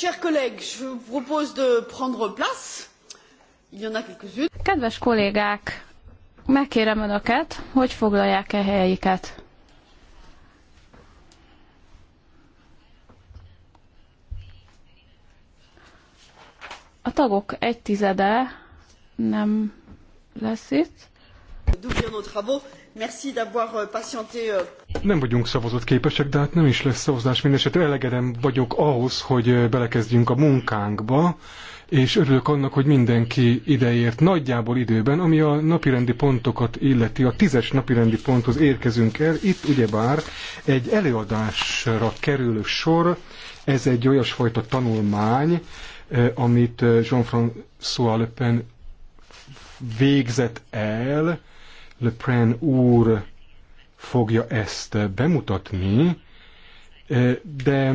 Chers collègues, je vous propose de prendre place. Il y en a quelques-unes. Kedves kollégák, megkérem önöket, hogy foglalják el helyeiket. A tagok egy tizede nem lesz itt. D'où nos travaux Merci d'avoir euh, patienté. Euh. Nem vagyunk szavazott képesek, de hát nem is lesz szavazás. Mindenesetre elegedem vagyok ahhoz, hogy belekezdjünk a munkánkba, és örülök annak, hogy mindenki ideért nagyjából időben, ami a napirendi pontokat illeti. A tízes napirendi ponthoz érkezünk el. Itt ugyebár egy előadásra kerül sor. Ez egy olyasfajta tanulmány, amit Jean-François Le Pen végzett el, le Pen úr fogja ezt bemutatni, de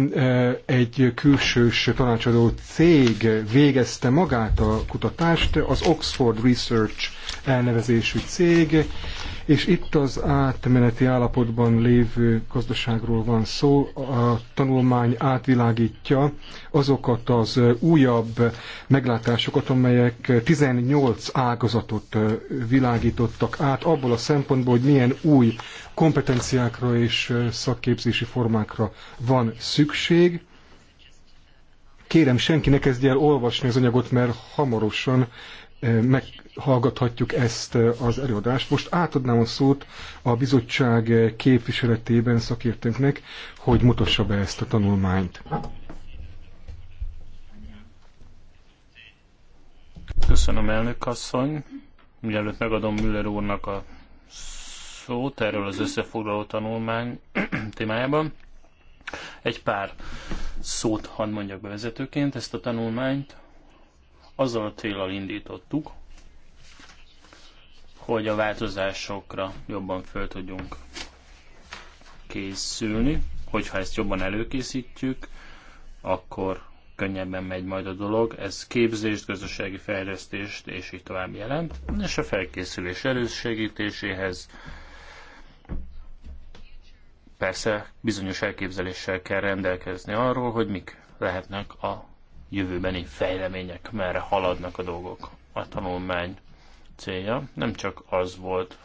egy külsős tanácsadó cég végezte magát a kutatást, az Oxford Research elnevezésű cég, és itt az átmeneti állapotban lévő gazdaságról van szó. A tanulmány átvilágítja azokat az újabb meglátásokat, amelyek 18 ágazatot világítottak át, abból a szempontból, hogy milyen új kompetenciákra és szakképzési formákra van szükség. Kérem, senki ne kezdje el olvasni az anyagot, mert hamarosan meghallgathatjuk ezt az előadást. Most átadnám a szót a bizottság képviseletében szakértőnknek, hogy mutassa be ezt a tanulmányt. Köszönöm, elnök asszony. Mielőtt megadom Müller úrnak a szót erről az összefoglaló tanulmány témájában. Egy pár szót hadd mondjak bevezetőként. Ezt a tanulmányt azzal a célral indítottuk, hogy a változásokra jobban föl tudjunk készülni, hogyha ezt jobban előkészítjük, akkor könnyebben megy majd a dolog. Ez képzést, gazdasági fejlesztést és így tovább jelent, és a felkészülés elősegítéséhez persze bizonyos elképzeléssel kell rendelkezni arról, hogy mik lehetnek a jövőbeni fejlemények, merre haladnak a dolgok. A tanulmány célja nem csak az volt,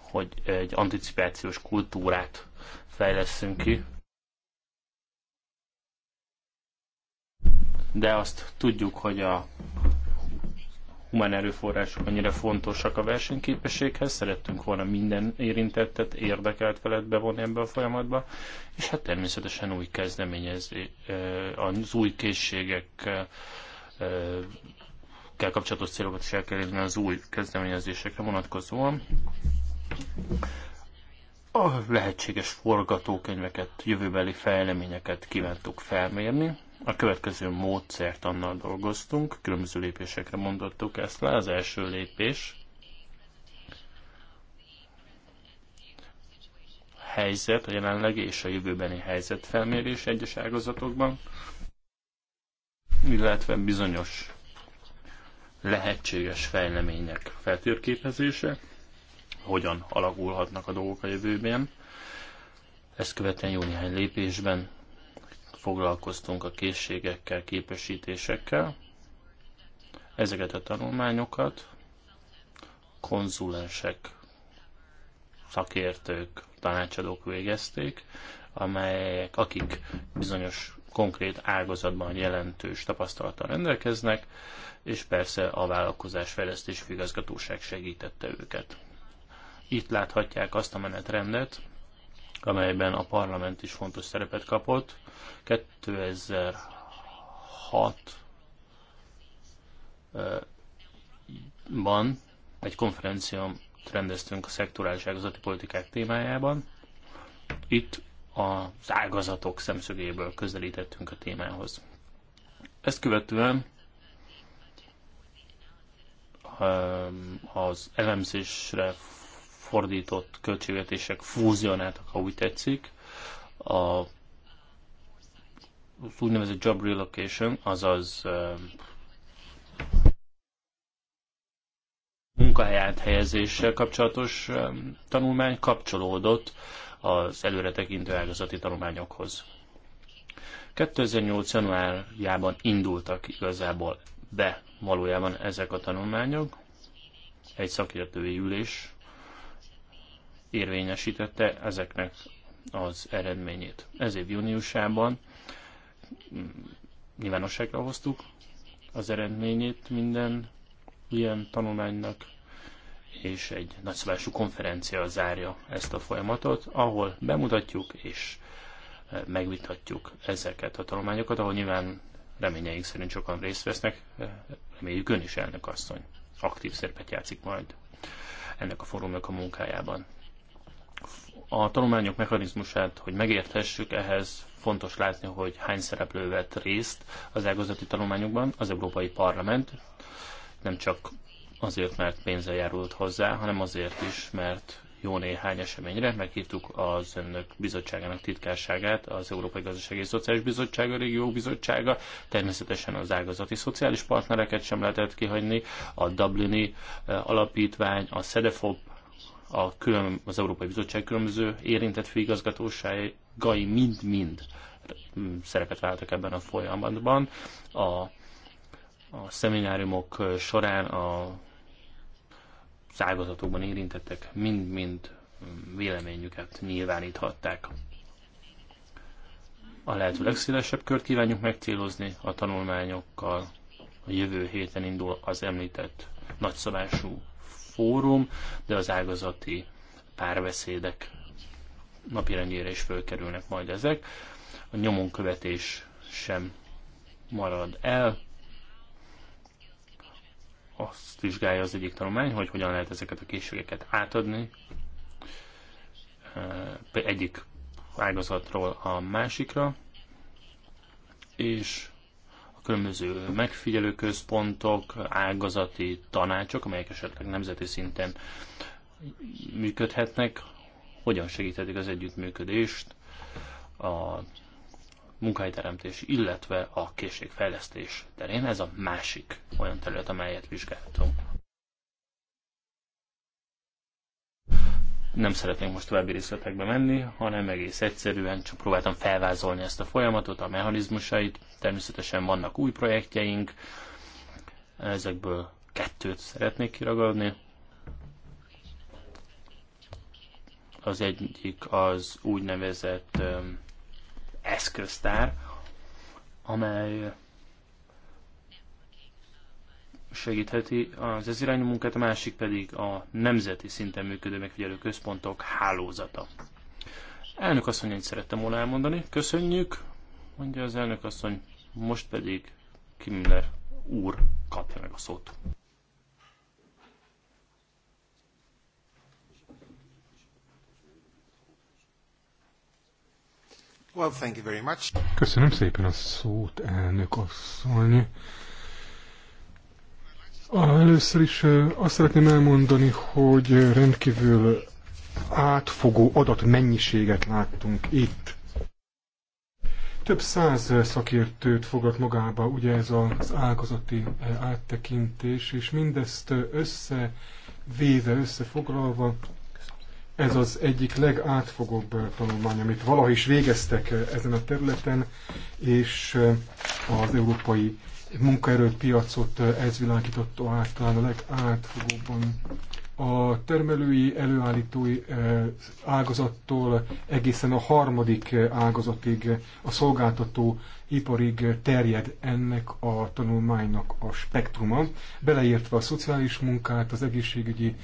hogy egy anticipációs kultúrát fejleszünk ki, de azt tudjuk, hogy a humán erőforrások annyira fontosak a versenyképességhez, szerettünk volna minden érintettet, érdekelt felett bevonni ebbe a folyamatba, és hát természetesen új kezdeményezés, az új készségekkel kapcsolatos célokat is el kell érni az új kezdeményezésekre vonatkozóan. A lehetséges forgatókönyveket, jövőbeli fejleményeket kívántuk felmérni, a következő módszert annal dolgoztunk, különböző lépésekre mondottuk ezt le. Az első lépés helyzet, a jelenleg és a jövőbeni helyzet felmérés egyes ágazatokban, illetve bizonyos lehetséges fejlemények feltérképezése, hogyan alakulhatnak a dolgok a jövőben. Ezt követően jó néhány lépésben foglalkoztunk a készségekkel, képesítésekkel. Ezeket a tanulmányokat konzulensek, szakértők, tanácsadók végezték, amelyek, akik bizonyos konkrét ágazatban jelentős tapasztalattal rendelkeznek, és persze a vállalkozás fejlesztési igazgatóság segítette őket. Itt láthatják azt a menetrendet, amelyben a parlament is fontos szerepet kapott. 2006-ban egy konferencián rendeztünk a szektorális ágazati politikák témájában. Itt az ágazatok szemszögéből közelítettünk a témához. Ezt követően az elemzésre fordított költségvetések fúzionáltak, ha úgy tetszik, a úgynevezett job relocation, azaz munkahely áthelyezéssel kapcsolatos tanulmány kapcsolódott az előretekintő ágazati tanulmányokhoz. 2008. januárjában indultak igazából be valójában ezek a tanulmányok. Egy szakértői ülés érvényesítette ezeknek az eredményét. Ez év júniusában nyilvánosságra hoztuk az eredményét minden ilyen tanulmánynak, és egy nagyszabású konferencia zárja ezt a folyamatot, ahol bemutatjuk és e, megvitatjuk ezeket a tanulmányokat, ahol nyilván reményeink szerint sokan részt vesznek, e, reméljük ön is elnök asszony. Aktív szerepet játszik majd ennek a fórumnak a munkájában. A tanulmányok mechanizmusát, hogy megérthessük, ehhez fontos látni, hogy hány szereplő vett részt az ágazati tanulmányokban. Az Európai Parlament nem csak azért, mert pénzzel járult hozzá, hanem azért is, mert jó néhány eseményre. Meghívtuk az önök bizottságának titkárságát, az Európai Gazdasági és Szociális Bizottság, a Régió Bizottsága, természetesen az ágazati szociális partnereket sem lehetett kihagyni, a Dublini eh, Alapítvány, a SEDEFOP, a külön, az Európai Bizottság különböző érintett főigazgatóságai, gai mind-mind szerepet váltak ebben a folyamatban. A, a szemináriumok során a szágazatokban érintettek mind-mind véleményüket nyilváníthatták. A lehető legszélesebb kört kívánjuk megcélozni a tanulmányokkal. A jövő héten indul az említett nagyszabású fórum, de az ágazati párbeszédek napirendjére is fölkerülnek majd ezek. A nyomonkövetés sem marad el. Azt vizsgálja az egyik tanulmány, hogy hogyan lehet ezeket a készségeket átadni egyik ágazatról a másikra, és a különböző megfigyelőközpontok, ágazati tanácsok, amelyek esetleg nemzeti szinten működhetnek, hogyan segíthetik az együttműködést a munkahelyteremtés, illetve a készségfejlesztés terén. Ez a másik olyan terület, amelyet vizsgáltunk. Nem szeretnénk most további részletekbe menni, hanem egész egyszerűen csak próbáltam felvázolni ezt a folyamatot, a mechanizmusait. Természetesen vannak új projektjeink, ezekből kettőt szeretnék kiragadni. Az egyik az úgynevezett um, eszköztár, amely segítheti az ez irányú munkát, a másik pedig a nemzeti szinten működő megfigyelő központok hálózata. Elnök asszony, én szerettem volna elmondani. Köszönjük, mondja az elnök asszony. Most pedig Kimler úr kapja meg a szót. Well, thank you very much. Köszönöm szépen a szót, elnök asszony. Először is azt szeretném elmondani, hogy rendkívül átfogó adatmennyiséget láttunk itt. Több száz szakértőt fogad magába ugye ez az ágazati áttekintés, és mindezt összevéve, összefoglalva ez az egyik legátfogóbb eh, tanulmány, amit valaha is végeztek eh, ezen a területen, és eh, az európai munkaerőpiacot ez világította át talán a legátfogóbban a termelői, előállítói ágazattól egészen a harmadik ágazatig, a szolgáltató iparig terjed ennek a tanulmánynak a spektruma, beleértve a szociális munkát, az egészségügyi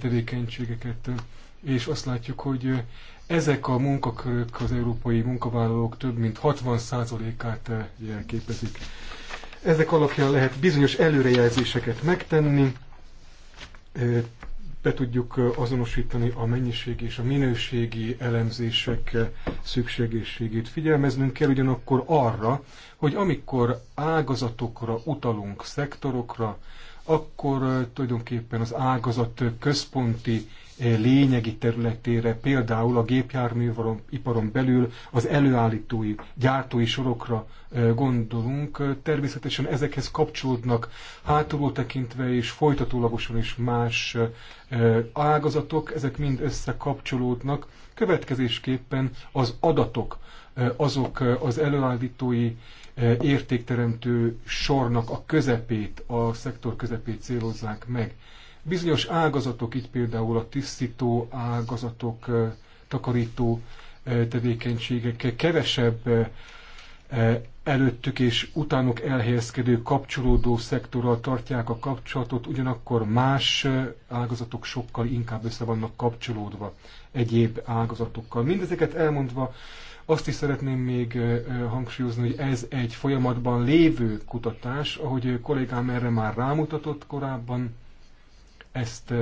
tevékenységeket, és azt látjuk, hogy ezek a munkakörök az európai munkavállalók több mint 60%-át jelképezik. Ezek alapján lehet bizonyos előrejelzéseket megtenni, be tudjuk azonosítani a mennyiségi és a minőségi elemzések szükségességét. Figyelmeznünk kell ugyanakkor arra, hogy amikor ágazatokra utalunk, szektorokra, akkor tulajdonképpen az ágazat központi lényegi területére, például a gépjárműiparon belül az előállítói, gyártói sorokra gondolunk. Természetesen ezekhez kapcsolódnak hátulról tekintve és folytatólagosan is más ágazatok, ezek mind összekapcsolódnak. Következésképpen az adatok, azok az előállítói értékteremtő sornak a közepét, a szektor közepét célozzák meg. Bizonyos ágazatok, itt például a tisztító ágazatok, takarító tevékenységek kevesebb előttük és utánuk elhelyezkedő kapcsolódó szektorral tartják a kapcsolatot, ugyanakkor más ágazatok sokkal inkább össze vannak kapcsolódva egyéb ágazatokkal. Mindezeket elmondva azt is szeretném még hangsúlyozni, hogy ez egy folyamatban lévő kutatás, ahogy kollégám erre már rámutatott korábban, ezt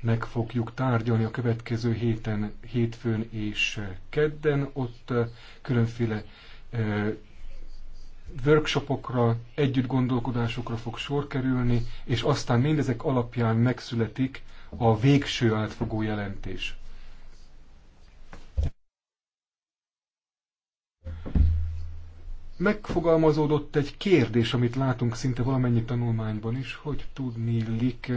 meg fogjuk tárgyalni a következő héten, hétfőn és kedden. Ott különféle workshopokra, együtt gondolkodásokra fog sor kerülni, és aztán mindezek alapján megszületik a végső átfogó jelentés. Megfogalmazódott egy kérdés, amit látunk szinte valamennyi tanulmányban is, hogy tudni lik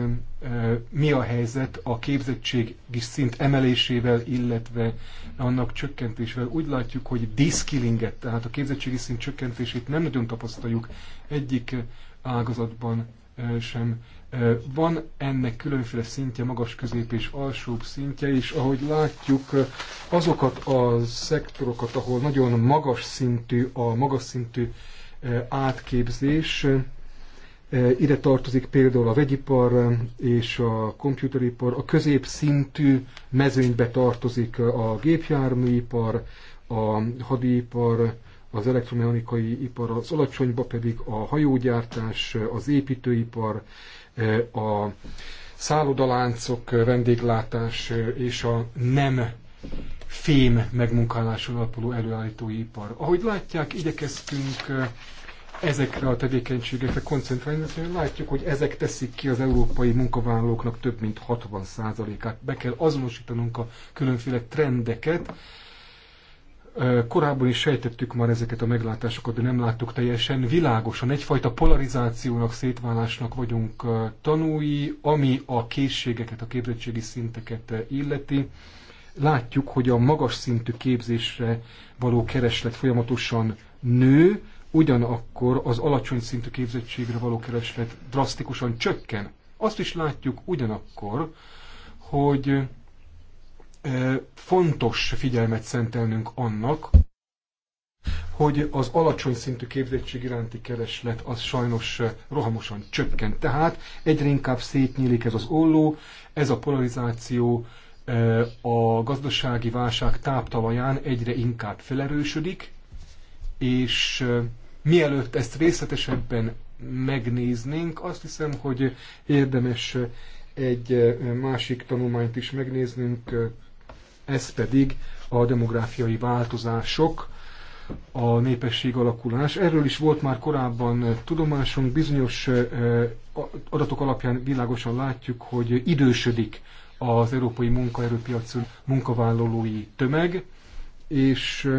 mi a helyzet a képzettségi szint emelésével, illetve annak csökkentésével. Úgy látjuk, hogy diskillinget, tehát a képzettségi szint csökkentését nem nagyon tapasztaljuk egyik ágazatban sem. Van ennek különféle szintje, magas, közép és alsóbb szintje, és ahogy látjuk, azokat a szektorokat, ahol nagyon magas szintű, a magas szintű átképzés, Eh, ide tartozik például a vegyipar eh, és a komputeripar, a középszintű mezőnybe tartozik eh, a gépjárműipar, a hadipar, az elektromechanikai ipar, az alacsonyba pedig a hajógyártás, az építőipar, a szállodaláncok, vendéglátás és a nem fém megmunkáláson alapuló előállítóipar. Ahogy látják, igyekeztünk ezekre a tevékenységekre koncentrálni, hogy látjuk, hogy ezek teszik ki az európai munkavállalóknak több mint 60%-át. Be kell azonosítanunk a különféle trendeket. Korábban is sejtettük már ezeket a meglátásokat, de nem láttuk teljesen világosan. Egyfajta polarizációnak, szétválásnak vagyunk tanúi, ami a készségeket, a képzettségi szinteket illeti látjuk, hogy a magas szintű képzésre való kereslet folyamatosan nő, ugyanakkor az alacsony szintű képzettségre való kereslet drasztikusan csökken. Azt is látjuk ugyanakkor, hogy fontos figyelmet szentelnünk annak, hogy az alacsony szintű képzettség iránti kereslet az sajnos rohamosan csökkent. Tehát egyre inkább szétnyílik ez az olló, ez a polarizáció a gazdasági válság táptalaján egyre inkább felerősödik, és mielőtt ezt részletesebben megnéznénk, azt hiszem, hogy érdemes egy másik tanulmányt is megnéznünk, ez pedig a demográfiai változások, a népesség alakulás. Erről is volt már korábban tudomásunk, bizonyos adatok alapján világosan látjuk, hogy idősödik az európai munkaerőpiacon munkavállalói tömeg, és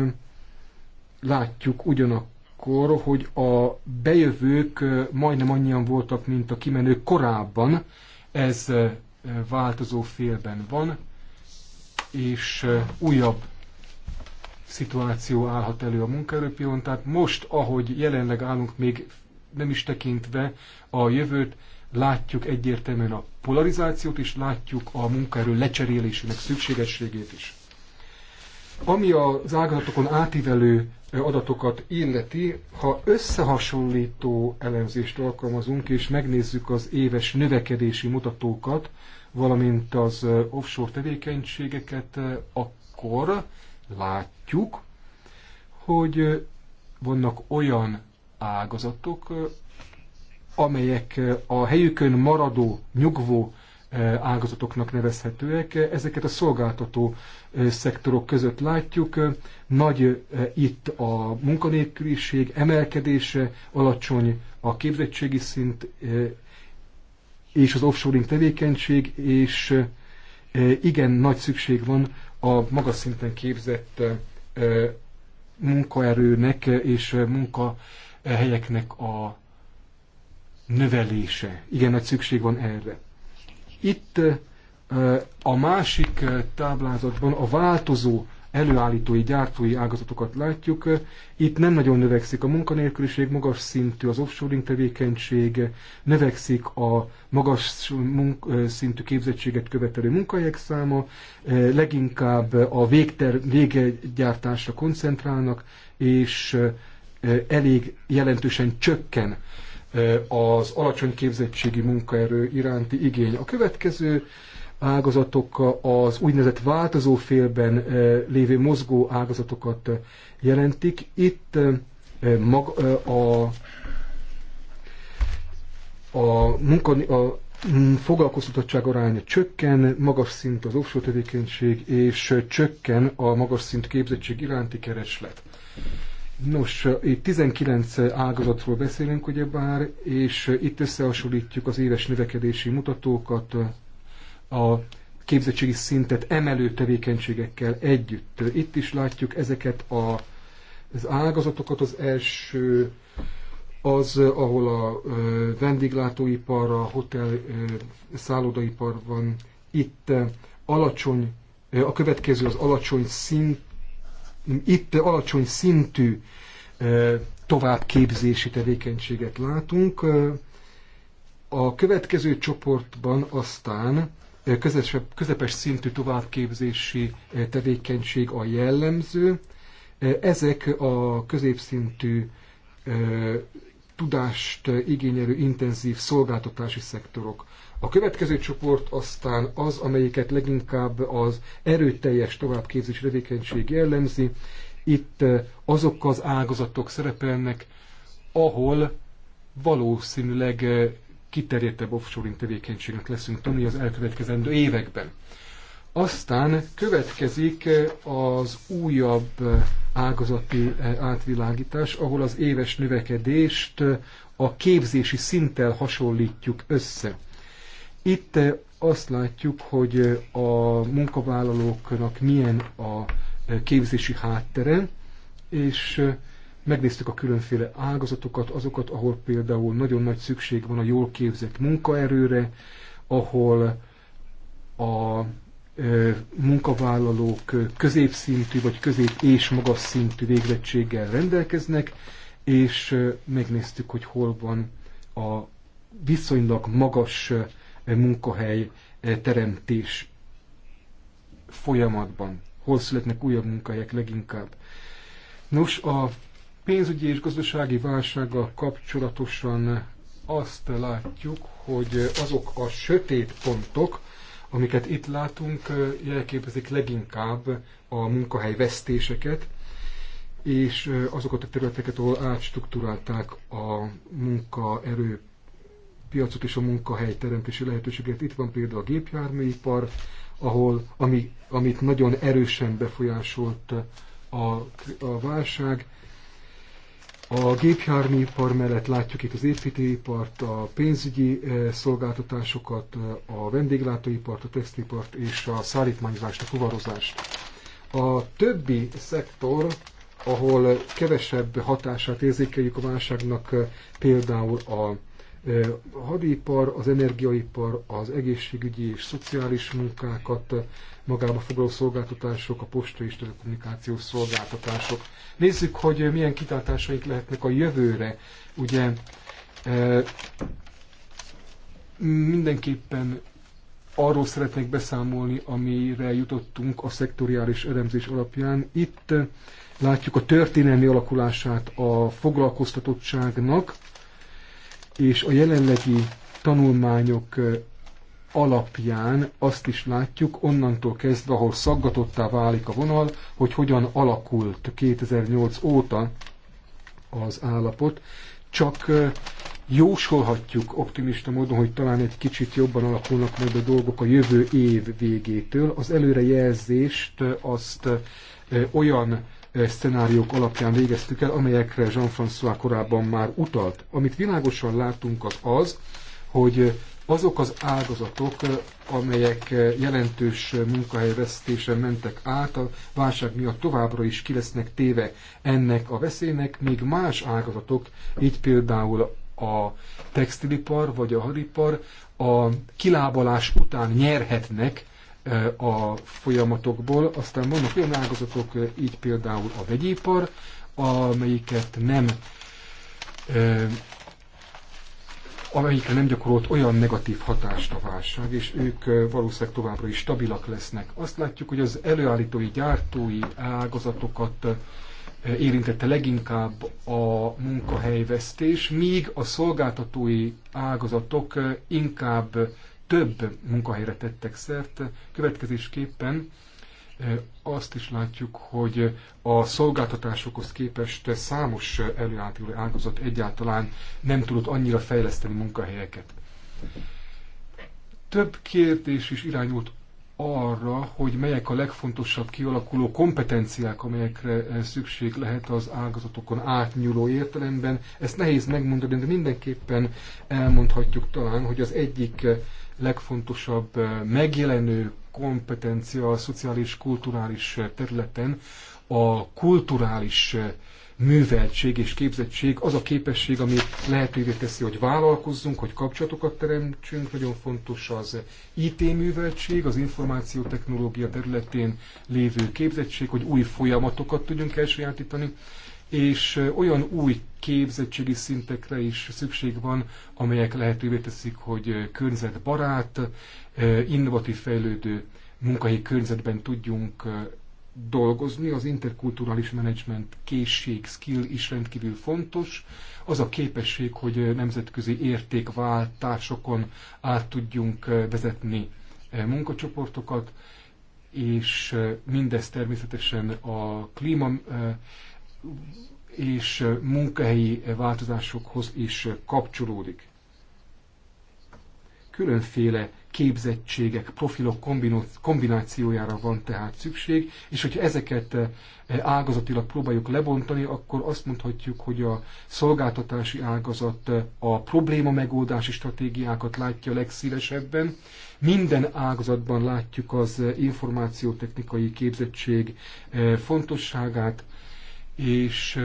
látjuk ugyanakkor, hogy a bejövők majdnem annyian voltak, mint a kimenők korábban. Ez változó félben van, és újabb szituáció állhat elő a munkaerőpion. Tehát most, ahogy jelenleg állunk, még nem is tekintve a jövőt, látjuk egyértelműen a polarizációt, és látjuk a munkaerő lecserélésének szükségességét is. Ami az ágazatokon átívelő adatokat illeti, ha összehasonlító elemzést alkalmazunk, és megnézzük az éves növekedési mutatókat, valamint az offshore tevékenységeket, akkor látjuk, hogy vannak olyan ágazatok, amelyek a helyükön maradó, nyugvó ágazatoknak nevezhetőek. Ezeket a szolgáltató szektorok között látjuk. Nagy itt a munkanélküliség emelkedése, alacsony a képzettségi szint és az offshoring tevékenység, és igen nagy szükség van a magas szinten képzett munkaerőnek és munkahelyeknek a növelése. Igen nagy szükség van erre. Itt a másik táblázatban a változó előállítói, gyártói ágazatokat látjuk. Itt nem nagyon növekszik a munkanélküliség, magas szintű az offshoring tevékenység, növekszik a magas szintű képzettséget követelő munkahelyek száma, leginkább a végter, végegyártásra koncentrálnak, és elég jelentősen csökken az alacsony képzettségi munkaerő iránti igény. A következő ágazatok az úgynevezett változó félben lévő mozgó ágazatokat jelentik. Itt mag, a, a, munka, a foglalkoztatottság aránya csökken, magas szint az offshore tevékenység, és csökken a magas szint képzettség iránti kereslet. Nos, itt 19 ágazatról beszélünk ugyebár, és itt összehasonlítjuk az éves növekedési mutatókat a képzettségi szintet emelő tevékenységekkel együtt. Itt is látjuk ezeket a, az ágazatokat. Az első az, ahol a vendéglátóipar, a hotel szállodaipar van. Itt alacsony, a következő az alacsony szint itt alacsony szintű továbbképzési tevékenységet látunk. A következő csoportban aztán közepes, közepes szintű továbbképzési tevékenység a jellemző. Ezek a középszintű tudást igényelő intenzív szolgáltatási szektorok. A következő csoport aztán az, amelyiket leginkább az erőteljes továbbképzés tevékenység jellemzi. Itt eh, azok az ágazatok szerepelnek, ahol valószínűleg eh, kiterjedtebb offshore tevékenységnek leszünk tanulni az elkövetkezendő években. Aztán következik eh, az újabb ágazati átvilágítás, ahol az éves növekedést a képzési szinttel hasonlítjuk össze. Itt eh, azt látjuk, hogy eh, a munkavállalóknak milyen a eh, képzési háttere, és megnéztük a különféle ágazatokat, azokat, ahol például nagyon nagy szükség van a jól képzett munkaerőre, ahol a munkavállalók középszintű vagy közép és magas szintű végzettséggel rendelkeznek, és megnéztük, hogy hol van a viszonylag magas munkahely eh, teremtés folyamatban? Hol születnek újabb munkahelyek leginkább? Nos, a pénzügyi és gazdasági válsággal kapcsolatosan azt látjuk, hogy azok a sötét pontok, amiket itt látunk, eh, jelképezik leginkább a munkahely vesztéseket, és eh, azokat a területeket, ahol átstruktúrálták a munkaerő piacot és a munkahely teremtési lehetőséget. Itt van például a gépjárműipar, ahol, ami, amit nagyon erősen befolyásolt a, a válság. A gépjárműipar mellett látjuk itt az építőipart, a pénzügyi eh, szolgáltatásokat, eh, a vendéglátóipart, a textipart és a szállítmányzást, a fuvarozást. A többi szektor, ahol kevesebb hatását érzékeljük a válságnak, eh, például a a hadipar, az energiaipar, az egészségügyi és szociális munkákat, magába foglaló szolgáltatások, a posta és telekommunikációs szolgáltatások. Nézzük, hogy milyen kitartásaink lehetnek a jövőre. Ugye mindenképpen arról szeretnék beszámolni, amire jutottunk a szektoriális elemzés alapján. Itt látjuk a történelmi alakulását a foglalkoztatottságnak, és a jelenlegi tanulmányok alapján azt is látjuk, onnantól kezdve, ahol szaggatottá válik a vonal, hogy hogyan alakult 2008 óta az állapot, csak jósolhatjuk optimista módon, hogy talán egy kicsit jobban alakulnak majd a dolgok a jövő év végétől. Az előrejelzést azt olyan szenáriók alapján végeztük el, amelyekre Jean-François korábban már utalt. Amit világosan látunk az az, hogy azok az áldozatok, amelyek jelentős munkahelyvesztésen mentek át, a válság miatt továbbra is ki lesznek téve ennek a veszélynek, még más áldozatok, így például a textilipar vagy a haripar a kilábalás után nyerhetnek Eh, a folyamatokból. Aztán vannak olyan ágazatok, eh, így például a vegyipar, amelyiket nem eh, amelyikre nem gyakorolt olyan negatív hatást a válság, és ők valószínűleg továbbra is stabilak lesznek. Azt látjuk, hogy az előállítói, gyártói ágazatokat érintette leginkább a munkahelyvesztés, míg a szolgáltatói ágazatok inkább több munkahelyre tettek szert. Következésképpen eh, azt is látjuk, hogy a szolgáltatásokhoz képest számos előállító ágazat egyáltalán nem tudott annyira fejleszteni munkahelyeket. Több kérdés is irányult arra, hogy melyek a legfontosabb kialakuló kompetenciák, amelyekre eh, szükség lehet az ágazatokon átnyúló értelemben. Ezt nehéz megmondani, de mindenképpen elmondhatjuk talán, hogy az egyik eh, legfontosabb eh, megjelenő kompetencia a szociális, kulturális eh, területen a kulturális eh, műveltség és képzettség az a képesség, ami lehetővé teszi, hogy vállalkozzunk, hogy kapcsolatokat teremtsünk. Nagyon fontos az IT műveltség, az információtechnológia területén lévő képzettség, hogy új folyamatokat tudjunk elsajátítani és olyan új képzettségi szintekre is szükség van, amelyek lehetővé teszik, hogy környezetbarát, innovatív fejlődő munkahelyi környezetben tudjunk dolgozni. Az interkulturális menedzsment készség, skill is rendkívül fontos. Az a képesség, hogy nemzetközi értékváltásokon át tudjunk vezetni munkacsoportokat, és mindez természetesen a klíma és munkahelyi változásokhoz is kapcsolódik. Különféle képzettségek, profilok kombinációjára van tehát szükség, és hogyha ezeket ágazatilag próbáljuk lebontani, akkor azt mondhatjuk, hogy a szolgáltatási ágazat a probléma megoldási stratégiákat látja legszívesebben. Minden ágazatban látjuk az információtechnikai képzettség fontosságát, és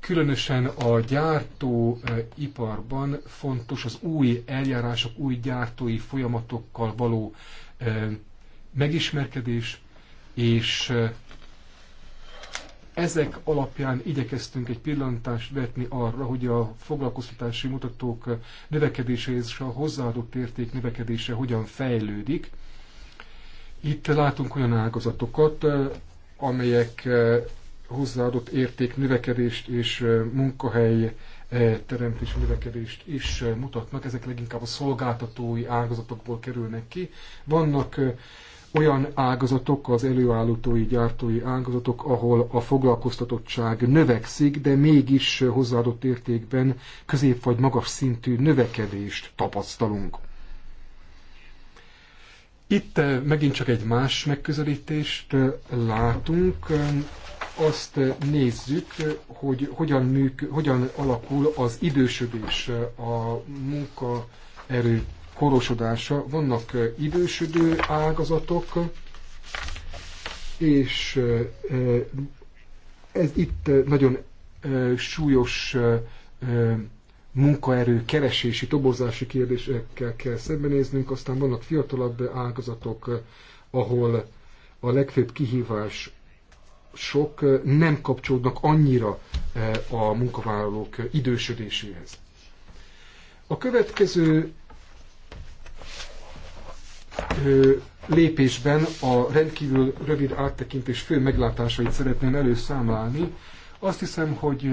különösen a gyártóiparban fontos az új eljárások, új gyártói folyamatokkal való megismerkedés, és ezek alapján igyekeztünk egy pillantást vetni arra, hogy a foglalkoztatási mutatók növekedése és a hozzáadott érték növekedése hogyan fejlődik. Itt látunk olyan ágazatokat, amelyek hozzáadott érték növekedést és munkahely teremtés növekedést is mutatnak. Ezek leginkább a szolgáltatói ágazatokból kerülnek ki. Vannak olyan ágazatok, az előállítói, gyártói ágazatok, ahol a foglalkoztatottság növekszik, de mégis hozzáadott értékben közép vagy magas szintű növekedést tapasztalunk. Itt megint csak egy más megközelítést látunk azt eh, nézzük, eh, hogy hogyan, műk, hogyan alakul az idősödés, eh, a munkaerő korosodása. Vannak idősödő ágazatok, és ez itt nagyon súlyos munkaerő keresési, toborzási kérdésekkel kell szembenéznünk, aztán vannak fiatalabb ágazatok, ahol a legfőbb kihívás sok nem kapcsolódnak annyira a munkavállalók idősödéséhez. A következő lépésben a rendkívül rövid áttekintés fő meglátásait szeretném előszámlálni. Azt hiszem, hogy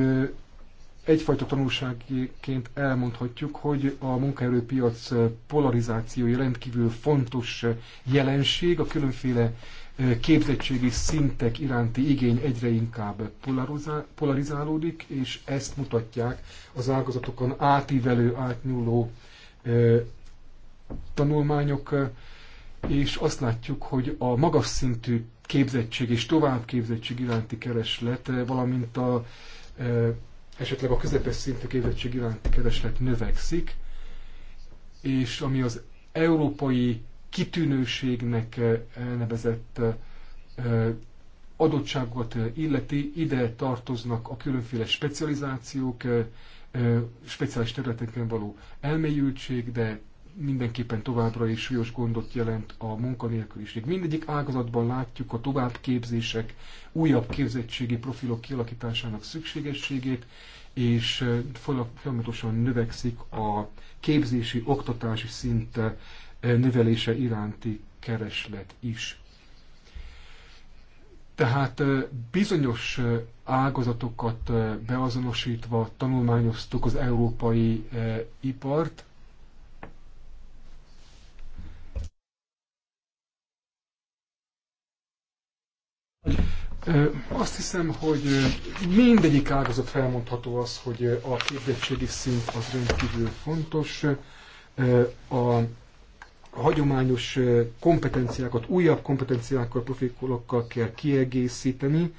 egyfajta tanulságként elmondhatjuk, hogy a munkaerőpiac polarizációja rendkívül fontos jelenség, a különféle képzettségi szintek iránti igény egyre inkább polarizálódik, és ezt mutatják az ágazatokon átívelő, átnyúló tanulmányok, és azt látjuk, hogy a magas szintű képzettség és továbbképzettség iránti kereslet, valamint a esetleg a közepes szintű képzettség iránti kereslet növekszik, és ami az európai kitűnőségnek elnevezett eh, eh, eh, adottságot illeti, ide tartoznak a különféle specializációk, speciális területeken való elmélyültség, de mindenképpen továbbra is súlyos gondot jelent a munkanélküliség. Mindegyik ágazatban látjuk a továbbképzések, újabb képzettségi profilok kialakításának szükségességét, és folyamatosan növekszik a képzési, oktatási szint növelése iránti kereslet is. Tehát bizonyos ágazatokat beazonosítva tanulmányoztuk az európai ipart, Azt hiszem, hogy mindegyik ágazat felmondható az, hogy a képzettségi szint az rendkívül fontos. A hagyományos kompetenciákat, újabb kompetenciákkal, profikulokkal kell kiegészíteni,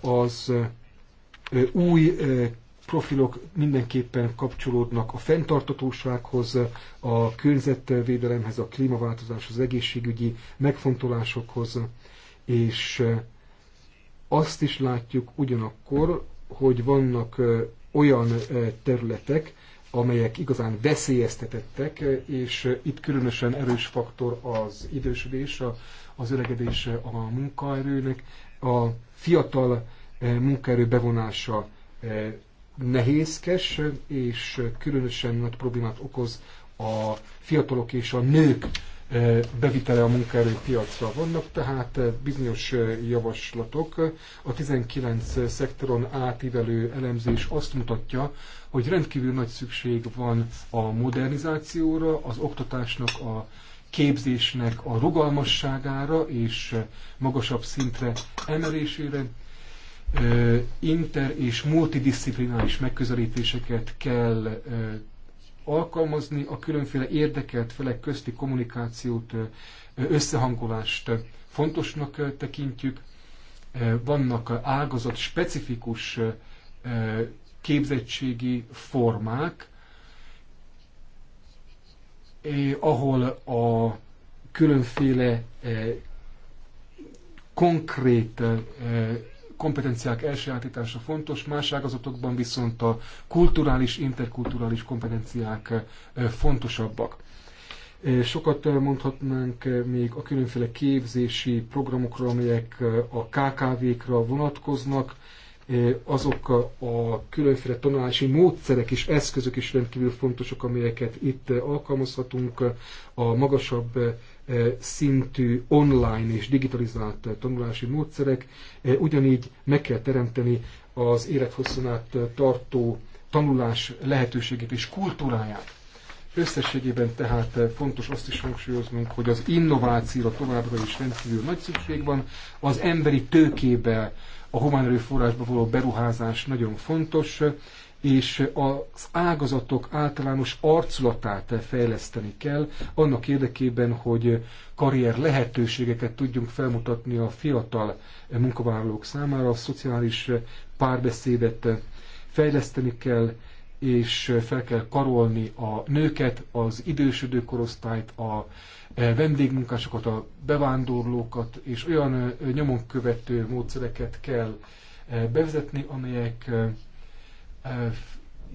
az új profilok mindenképpen kapcsolódnak a fenntartatósághoz, a környezetvédelemhez, a klímaváltozáshoz, az egészségügyi megfontolásokhoz, és azt is látjuk ugyanakkor, hogy vannak olyan területek, amelyek igazán veszélyeztetettek, és eh, itt különösen erős faktor az idősödés, az öregedés eh, a munkaerőnek, a fiatal eh, munkaerő bevonása nehézkes, és különösen nagy problémát okoz a fiatalok és a nők bevitele a munkaerőpiacra. Vannak tehát bizonyos javaslatok. A 19 szektoron átívelő elemzés azt mutatja, hogy rendkívül nagy szükség van a modernizációra, az oktatásnak, a képzésnek a rugalmasságára és magasabb szintre emelésére. Inter- és multidisziplinális megközelítéseket kell alkalmazni, a különféle érdekelt felek közti kommunikációt, összehangolást fontosnak tekintjük. Vannak ágazat specifikus képzettségi formák, ahol a különféle konkrét kompetenciák elsajátítása fontos, más ágazatokban viszont a kulturális, interkulturális kompetenciák fontosabbak. Sokat mondhatnánk még a különféle képzési programokról, amelyek a KKV-kra vonatkoznak, E, azok a különféle tanulási módszerek és eszközök is rendkívül fontosak, amelyeket itt alkalmazhatunk a magasabb e, szintű online és digitalizált tanulási módszerek. E, ugyanígy meg kell teremteni az élethosszonát tartó tanulás lehetőségét és kultúráját. Összességében tehát fontos azt is hangsúlyoznunk, hogy az innovációra továbbra is rendkívül nagy szükség van, az emberi tőkébe, a humán erőforrásba való beruházás nagyon fontos, és az ágazatok általános arculatát fejleszteni kell, annak érdekében, hogy karrier lehetőségeket tudjunk felmutatni a fiatal munkavállalók számára, a szociális párbeszédet fejleszteni kell, és fel kell karolni a nőket, az idősödő korosztályt, a vendégmunkásokat, a bevándorlókat, és olyan nyomon követő módszereket kell bevezetni, amelyek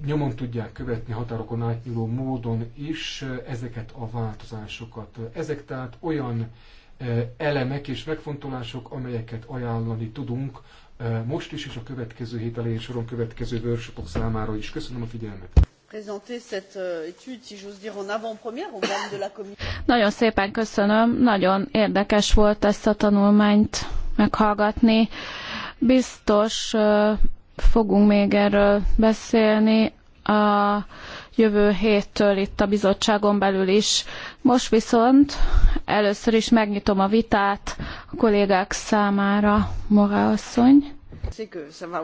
nyomon tudják követni határokon átnyúló módon is ezeket a változásokat. Ezek tehát olyan elemek és megfontolások, amelyeket ajánlani tudunk most is, és a következő hét elején soron következő workshopok számára is. Köszönöm a figyelmet! présenter cette euh, étude, si j'ose dire, en avant-première au membre de la commission. Nagyon szépen köszönöm, nagyon érdekes volt ezt a tanulmányt meghallgatni. Biztos fogunk még erről beszélni a jövő héttől itt a bizottságon belül is. Most viszont először is megnyitom a vitát a kollégák számára, Mora asszony. C'est que ça va,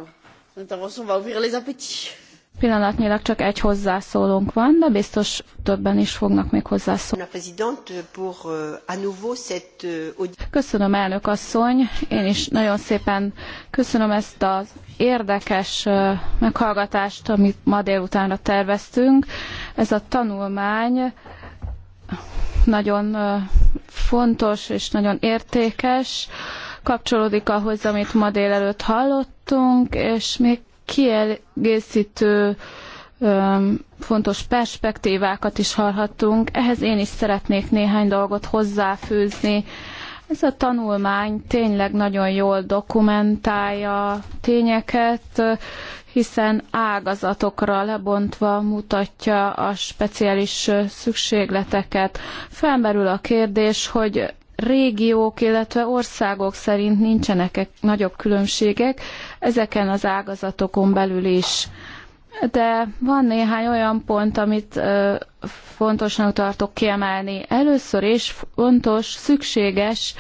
l'intervention va ouvrir les appétits. Pillanatnyilag csak egy hozzászólónk van, de biztos többen is fognak még hozzászólni. Euh, euh, köszönöm, elnök asszony. Én is nagyon szépen köszönöm ezt az érdekes meghallgatást, amit ma délutánra terveztünk. Ez a tanulmány nagyon fontos és nagyon értékes, kapcsolódik ahhoz, amit ma délelőtt hallottunk, és még kiegészítő fontos perspektívákat is hallhattunk. Ehhez én is szeretnék néhány dolgot hozzáfűzni. Ez a tanulmány tényleg nagyon jól dokumentálja tényeket, hiszen ágazatokra lebontva mutatja a speciális szükségleteket. Felmerül a kérdés, hogy régiók, illetve országok szerint nincsenek nagyobb különbségek ezeken az ágazatokon belül is. De van néhány olyan pont, amit fontosnak tartok kiemelni. Először is fontos, szükséges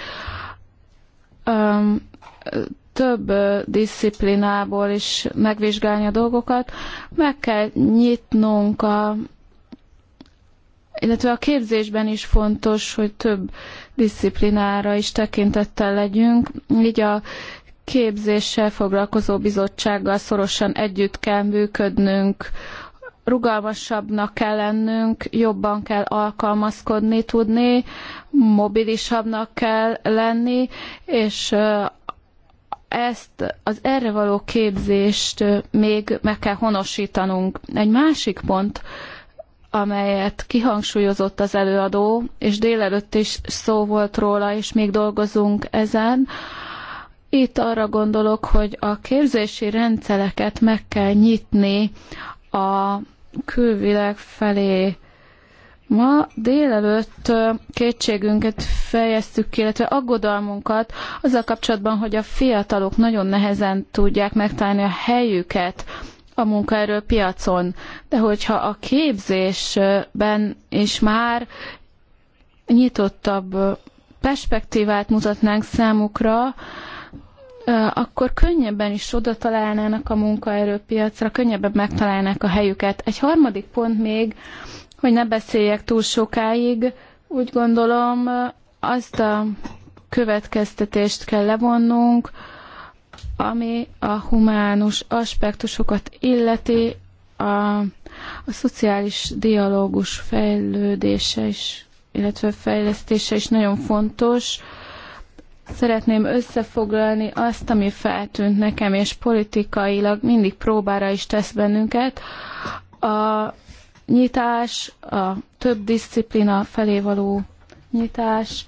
több disziplinából is megvizsgálni a dolgokat. Meg kell nyitnunk a illetve a képzésben is fontos, hogy több disziplinára is tekintettel legyünk. Így a képzéssel foglalkozó bizottsággal szorosan együtt kell működnünk, rugalmasabbnak kell lennünk, jobban kell alkalmazkodni tudni, mobilisabbnak kell lenni, és ezt az erre való képzést még meg kell honosítanunk. Egy másik pont, amelyet kihangsúlyozott az előadó, és délelőtt is szó volt róla, és még dolgozunk ezen. Itt arra gondolok, hogy a képzési rendszereket meg kell nyitni a külvilág felé. Ma délelőtt kétségünket fejeztük ki, illetve aggodalmunkat azzal kapcsolatban, hogy a fiatalok nagyon nehezen tudják megtalálni a helyüket a munkaerőpiacon. De hogyha a képzésben is már nyitottabb perspektívát mutatnánk számukra, akkor könnyebben is oda találnának a munkaerőpiacra, könnyebben megtalálnák a helyüket. Egy harmadik pont még, hogy ne beszéljek túl sokáig, úgy gondolom azt a következtetést kell levonnunk, ami a humánus aspektusokat illeti, a, a szociális dialógus fejlődése is, illetve fejlesztése is nagyon fontos. Szeretném összefoglalni azt, ami feltűnt nekem, és politikailag mindig próbára is tesz bennünket. A nyitás, a több disziplina felé való nyitás,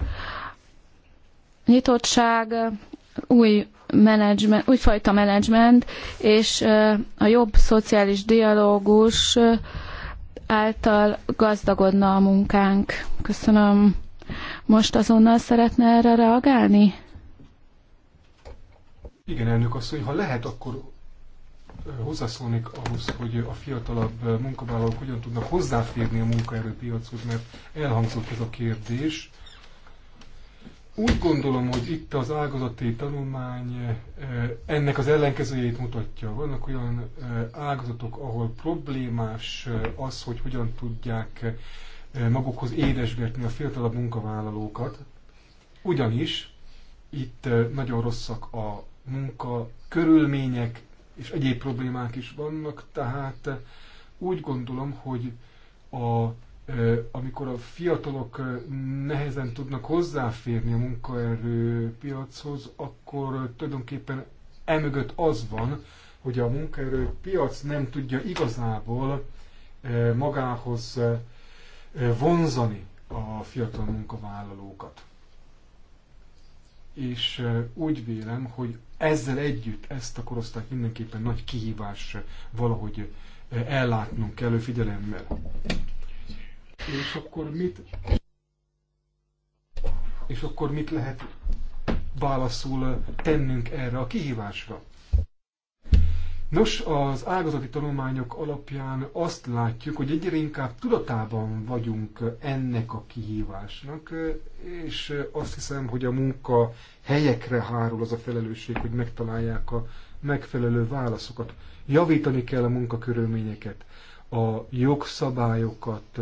nyitottság, új menedzsment, úgyfajta menedzsment, és a jobb szociális dialógus által gazdagodna a munkánk. Köszönöm. Most azonnal szeretne erre reagálni? Igen, elnök asszony, ha lehet, akkor hozzászólnék ahhoz, hogy a fiatalabb munkavállalók hogyan tudnak hozzáférni a munkaerőpiachoz, mert elhangzott ez a kérdés. Úgy gondolom, hogy itt az ágazati tanulmány eh, ennek az ellenkezőjét mutatja. Vannak olyan eh, ágazatok, ahol problémás eh, az, hogy hogyan tudják magukhoz édesgetni a fiatalabb munkavállalókat, ugyanis itt nagyon rosszak a munka körülmények és egyéb problémák is vannak, tehát úgy gondolom, hogy a amikor a fiatalok nehezen tudnak hozzáférni a munkaerőpiachoz, akkor tulajdonképpen emögött az van, hogy a munkaerőpiac nem tudja igazából magához vonzani a fiatal munkavállalókat. És úgy vélem, hogy ezzel együtt ezt a korosztályt mindenképpen nagy kihívás valahogy ellátnunk kell figyelemmel. És akkor mit... És akkor mit lehet válaszul tennünk erre a kihívásra? Nos, az ágazati tanulmányok alapján azt látjuk, hogy egyre inkább tudatában vagyunk ennek a kihívásnak, és azt hiszem, hogy a munka helyekre hárul az a felelősség, hogy megtalálják a megfelelő válaszokat. Javítani kell a munkakörülményeket, a jogszabályokat,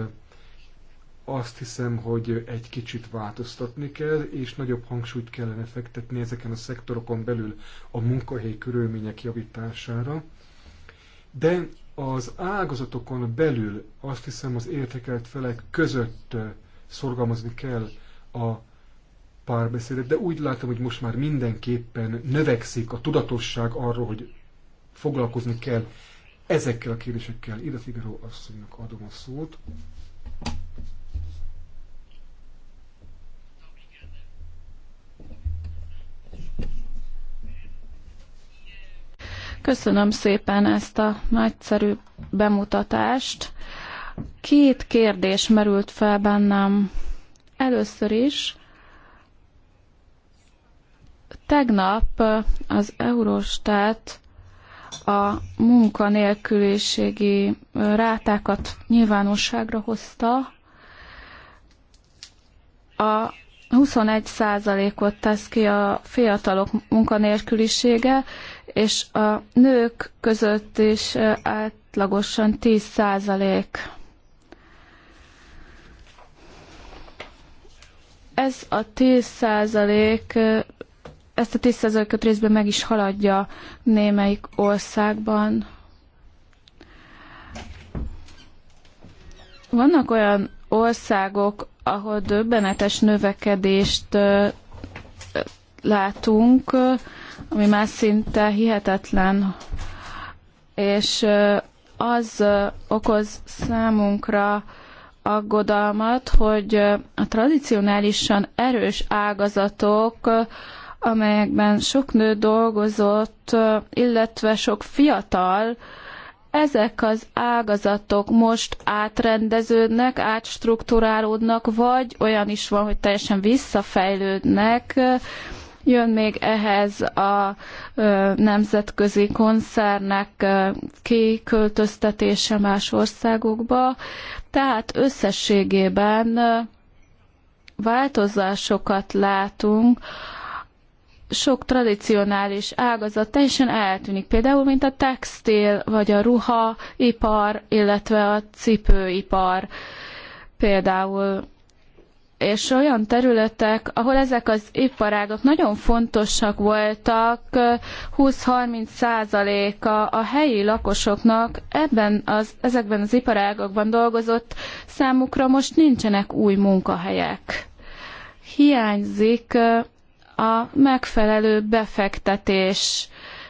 azt hiszem, hogy egy kicsit változtatni kell, és nagyobb hangsúlyt kellene fektetni ezeken a szektorokon belül a munkahely körülmények javítására. De az ágazatokon belül azt hiszem az értékelt felek között szorgalmazni kell a párbeszédet, de úgy látom, hogy most már mindenképpen növekszik a tudatosság arról, hogy foglalkozni kell ezekkel a kérdésekkel. Ida Figaro asszonynak adom a szót. Köszönöm szépen ezt a nagyszerű bemutatást. Két kérdés merült fel bennem. Először is, tegnap az Eurostat a munkanélküliségi rátákat nyilvánosságra hozta. A 21 ot tesz ki a fiatalok munkanélkülisége, és a nők között is átlagosan 10 százalék. Ez a 10 százalék, ezt a 10 százalékot részben meg is haladja némelyik országban. Vannak olyan országok, ahol döbbenetes növekedést látunk, ami már szinte hihetetlen, és az okoz számunkra aggodalmat, hogy a tradicionálisan erős ágazatok, amelyekben sok nő dolgozott, illetve sok fiatal, ezek az ágazatok most átrendeződnek, átstruktúrálódnak vagy olyan is van, hogy teljesen visszafejlődnek, Jön még ehhez a nemzetközi koncernek kiköltöztetése más országokba, tehát összességében változásokat látunk, sok tradicionális ágazat teljesen eltűnik, például mint a textil, vagy a ruhaipar, illetve a cipőipar. Például és olyan területek, ahol ezek az iparágak nagyon fontosak voltak, 20-30 százaléka a helyi lakosoknak ebben az, ezekben az iparágakban dolgozott, számukra most nincsenek új munkahelyek. Hiányzik a megfelelő befektetés,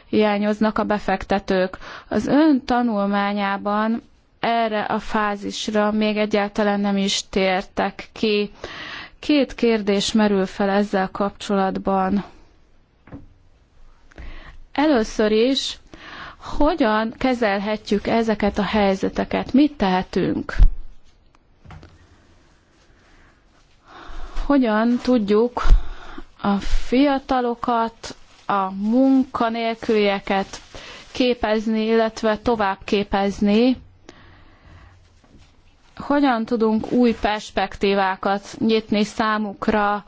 hiányoznak a befektetők. Az ön tanulmányában erre a fázisra még egyáltalán nem is tértek ki. Két kérdés merül fel ezzel kapcsolatban. Először is, hogyan kezelhetjük ezeket a helyzeteket? Mit tehetünk? Hogyan tudjuk a fiatalokat, a munkanélkülieket képezni, illetve tovább képezni, hogyan tudunk új perspektívákat nyitni számukra,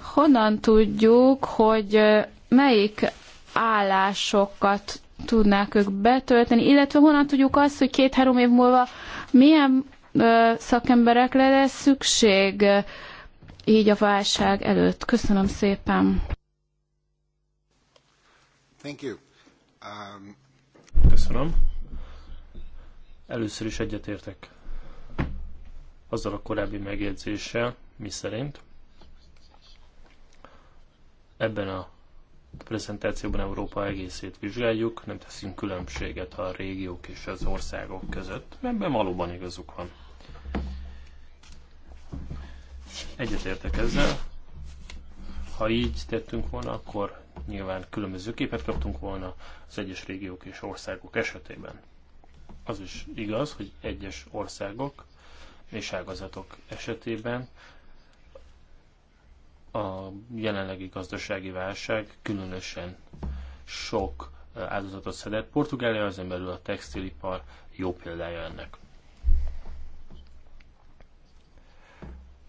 honnan tudjuk, hogy melyik állásokat tudnák ők betölteni, illetve honnan tudjuk azt, hogy két-három év múlva milyen szakemberekre lesz szükség így a válság előtt. Köszönöm szépen. Thank you. Um... Köszönöm. Először is egyetértek azzal a korábbi megjegyzéssel, szerint? ebben a prezentációban Európa egészét vizsgáljuk, nem teszünk különbséget a régiók és az országok között. Ebben valóban igazuk van. Egyetértek ezzel. Ha így tettünk volna, akkor nyilván különböző képet kaptunk volna az egyes régiók és országok esetében. Az is igaz, hogy egyes országok és ágazatok esetében a jelenlegi gazdasági válság különösen sok eh, áldozatot szedett. Portugália az emberül a textilipar jó példája ennek.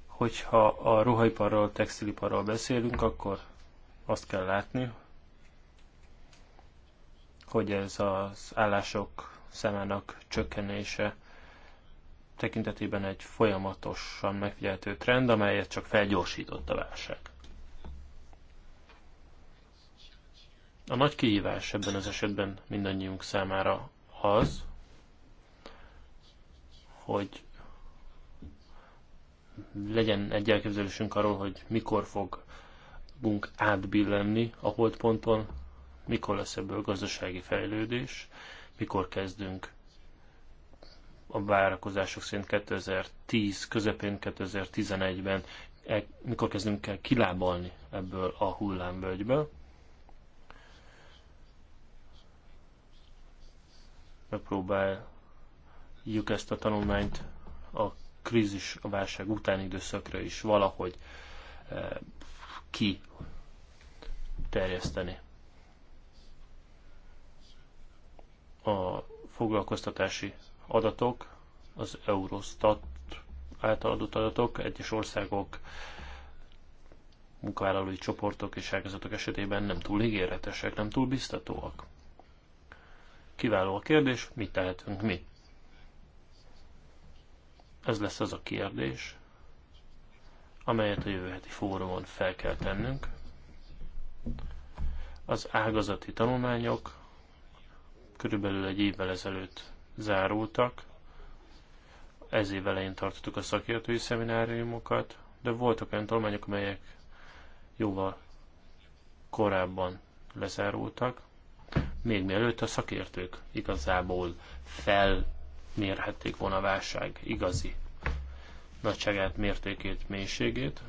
Hogyha a ruhaiparról, textiliparról beszélünk, akkor azt kell látni, hogy ez az állások számának csökkenése tekintetében egy folyamatosan megfigyelhető trend, amelyet csak felgyorsított a válság. A nagy kihívás ebben az esetben mindannyiunk számára az, hogy legyen egy elképzelésünk arról, hogy mikor fogunk átbillenni a holdponton, mikor lesz ebből gazdasági fejlődés, mikor kezdünk a várakozások szerint 2010 közepén, 2011-ben, e, mikor kezdünk el kilábalni ebből a hullámvölgyből. Megpróbáljuk ezt a tanulmányt a krízis, a válság utáni időszakra is valahogy e, ki terjeszteni. A foglalkoztatási adatok, az Eurostat által adott adatok egyes országok munkavállalói csoportok és ágazatok esetében nem túl ígéretesek, nem túl biztatóak. Kiváló a kérdés, mit tehetünk mi? Ez lesz az a kérdés, amelyet a jövő heti fórumon fel kell tennünk. Az ágazati tanulmányok körülbelül egy évvel ezelőtt zárultak. Ez év elején tartottuk a szakértői szemináriumokat, de voltak olyan tolmányok, amelyek jóval korábban lezárultak, még mielőtt a szakértők igazából felmérhették volna a válság igazi nagyságát, mértékét, mélységét.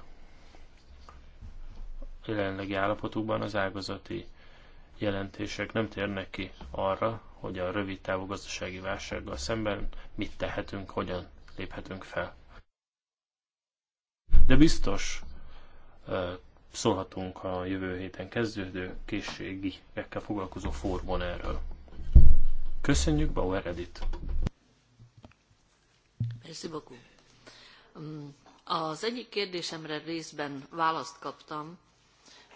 A jelenlegi állapotukban az ágazati jelentések nem térnek ki arra, hogy a rövid távú gazdasági válsággal szemben mit tehetünk, hogyan léphetünk fel. De biztos szólhatunk a jövő héten kezdődő készségekkel foglalkozó fórumon erről. Köszönjük, Bauer Edith! Mm, az egyik kérdésemre részben választ kaptam,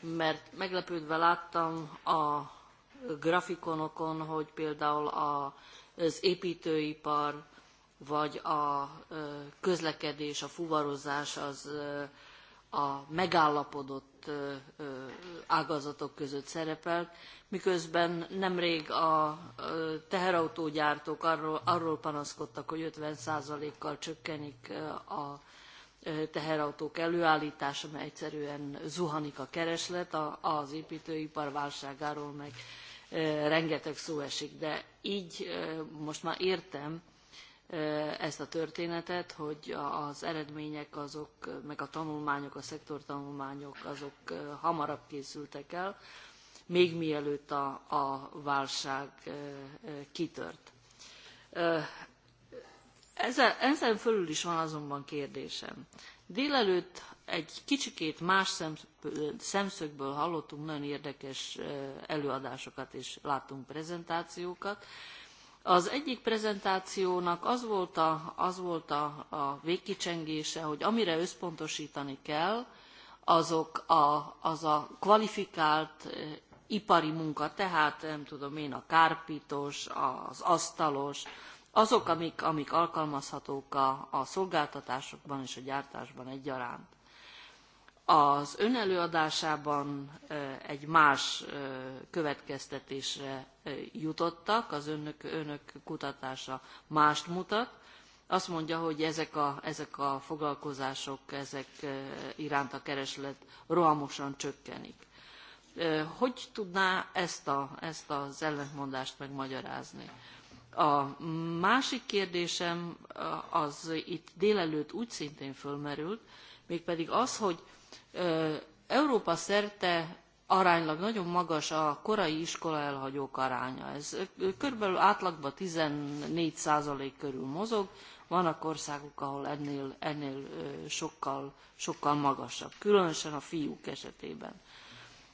mert meglepődve láttam a grafikonokon, hogy például az építőipar vagy a közlekedés, a fuvarozás az a megállapodott ágazatok között szerepel, miközben nemrég a teherautógyártók arról, arról panaszkodtak, hogy 50%-kal csökkenik a teherautók előállítása, mert egyszerűen zuhanik a kereslet az építőipar válságáról, meg rengeteg szó esik, de így most már értem ezt a történetet, hogy az eredmények azok, meg a tanulmányok, a szektortanulmányok azok hamarabb készültek el, még mielőtt a, a válság kitört. Ezen, ezen fölül is van azonban kérdésem. Délelőtt egy kicsikét más szemszögből hallottunk nagyon érdekes előadásokat és láttunk prezentációkat. Az egyik prezentációnak az volt a, az volt a, a végkicsengése, hogy amire összpontosítani kell, azok a, az a kvalifikált ipari munka, tehát nem tudom én, a kárpitos, az asztalos, azok, amik, amik alkalmazhatók a, a szolgáltatásokban és a gyártásban egyaránt. Az önelőadásában egy más következtetésre jutottak, az önök, önök kutatása mást mutat. Azt mondja, hogy ezek a, ezek a foglalkozások, ezek iránt a kereslet rohamosan csökkenik. Hogy tudná ezt, a, ezt az ellentmondást megmagyarázni? A másik kérdésem az itt délelőtt úgy szintén fölmerült, mégpedig az, hogy Európa szerte aránylag nagyon magas a korai iskola elhagyók aránya. Ez körülbelül átlagban 14 százalék körül mozog, vannak országok, ahol ennél, ennél sokkal, sokkal magasabb, különösen a fiúk esetében.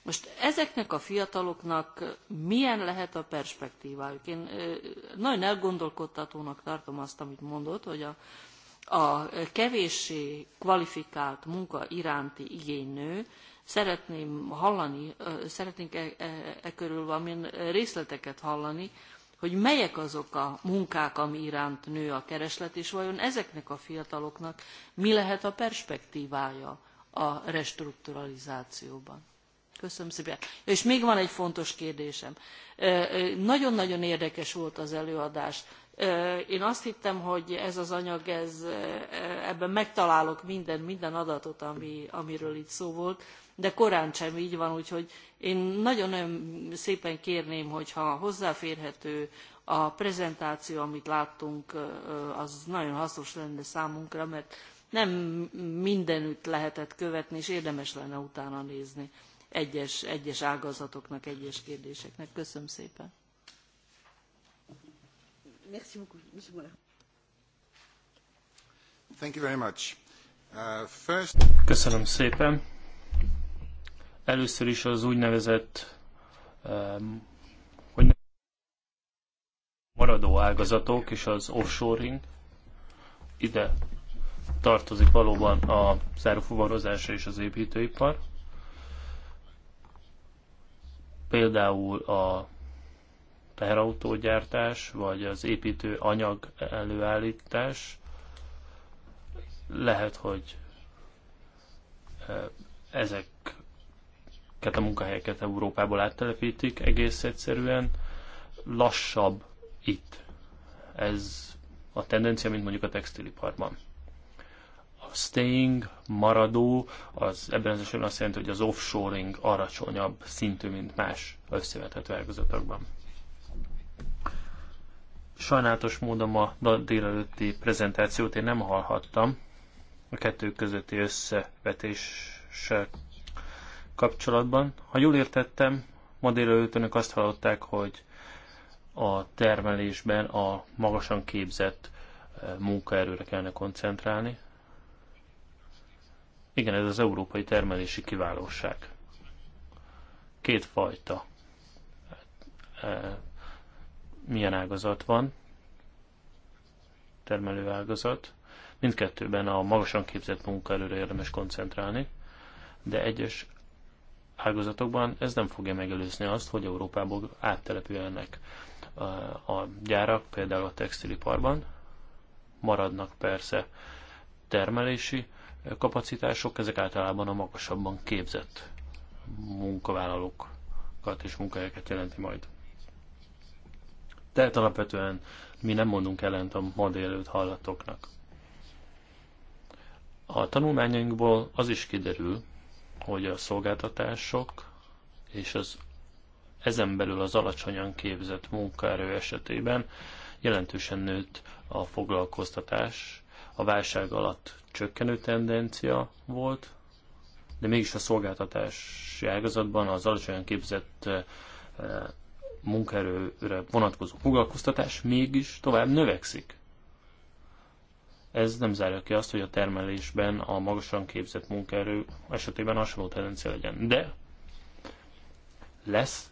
Most ezeknek a fiataloknak milyen lehet a perspektívájuk? Én nagyon elgondolkodtatónak tartom azt, amit mondott, hogy a a kevéssé kvalifikált munka iránti igény nő, szeretném hallani, szeretnénk e, e, e körül valamilyen részleteket hallani, hogy melyek azok a munkák, ami iránt nő a kereslet, és vajon ezeknek a fiataloknak mi lehet a perspektívája a restrukturalizációban. Köszönöm szépen. És még van egy fontos kérdésem. Nagyon-nagyon érdekes volt az előadás. Én azt hittem, hogy ez az anyag, ebben megtalálok minden, minden adatot, ami, amiről itt szó volt, de korán sem így van, úgyhogy én nagyon-nagyon szépen kérném, hogyha hozzáférhető a prezentáció, amit láttunk, az nagyon hasznos lenne számunkra, mert nem mindenütt lehetett követni, és érdemes lenne utána nézni egyes, egyes ágazatoknak, egyes kérdéseknek. Köszönöm szépen. Merci beaucoup. Thank you very much. Uh, first... Köszönöm szépen. Először is az úgynevezett um, maradó ágazatok és az offshoring ide tartozik valóban a zárófuvarozásra és az építőipar. Például a teherautógyártás, vagy az építő anyag előállítás lehet, hogy e, ezeket a munkahelyeket Európából áttelepítik egész egyszerűen. Lassabb itt. Ez a tendencia, mint mondjuk a textiliparban staying, maradó, az ebben az esetben azt jelenti, hogy az offshoring alacsonyabb szintű, mint más összevethető ágazatokban. Sajnálatos módon a délelőtti prezentációt én nem hallhattam. A kettő közötti összevetéssel kapcsolatban. Ha jól értettem, ma délelőtt önök azt hallották, hogy a termelésben a magasan képzett eh, munkaerőre kellene koncentrálni, igen, ez az európai termelési kiválóság. Két fajta e, e, milyen ágazat van, termelő ágazat. Mindkettőben a magasan képzett munkaerőre érdemes koncentrálni, de egyes ágazatokban ez nem fogja megelőzni azt, hogy Európából áttelepülnek e, a gyárak, például a textiliparban. Maradnak persze termelési kapacitások, ezek általában a magasabban képzett munkavállalókat és munkahelyeket jelenti majd. Tehát alapvetően mi nem mondunk ellent a ma délőtt hallatoknak. A tanulmányainkból az is kiderül, hogy a szolgáltatások és az ezen belül az alacsonyan képzett munkaerő esetében jelentősen nőtt a foglalkoztatás a válság alatt csökkenő tendencia volt, de mégis a szolgáltatási ágazatban az alacsonyan képzett eh, munkaerőre vonatkozó foglalkoztatás mégis tovább növekszik. Ez nem zárja ki azt, hogy a termelésben a magasan képzett munkaerő esetében hasonló tendencia legyen. De lesz,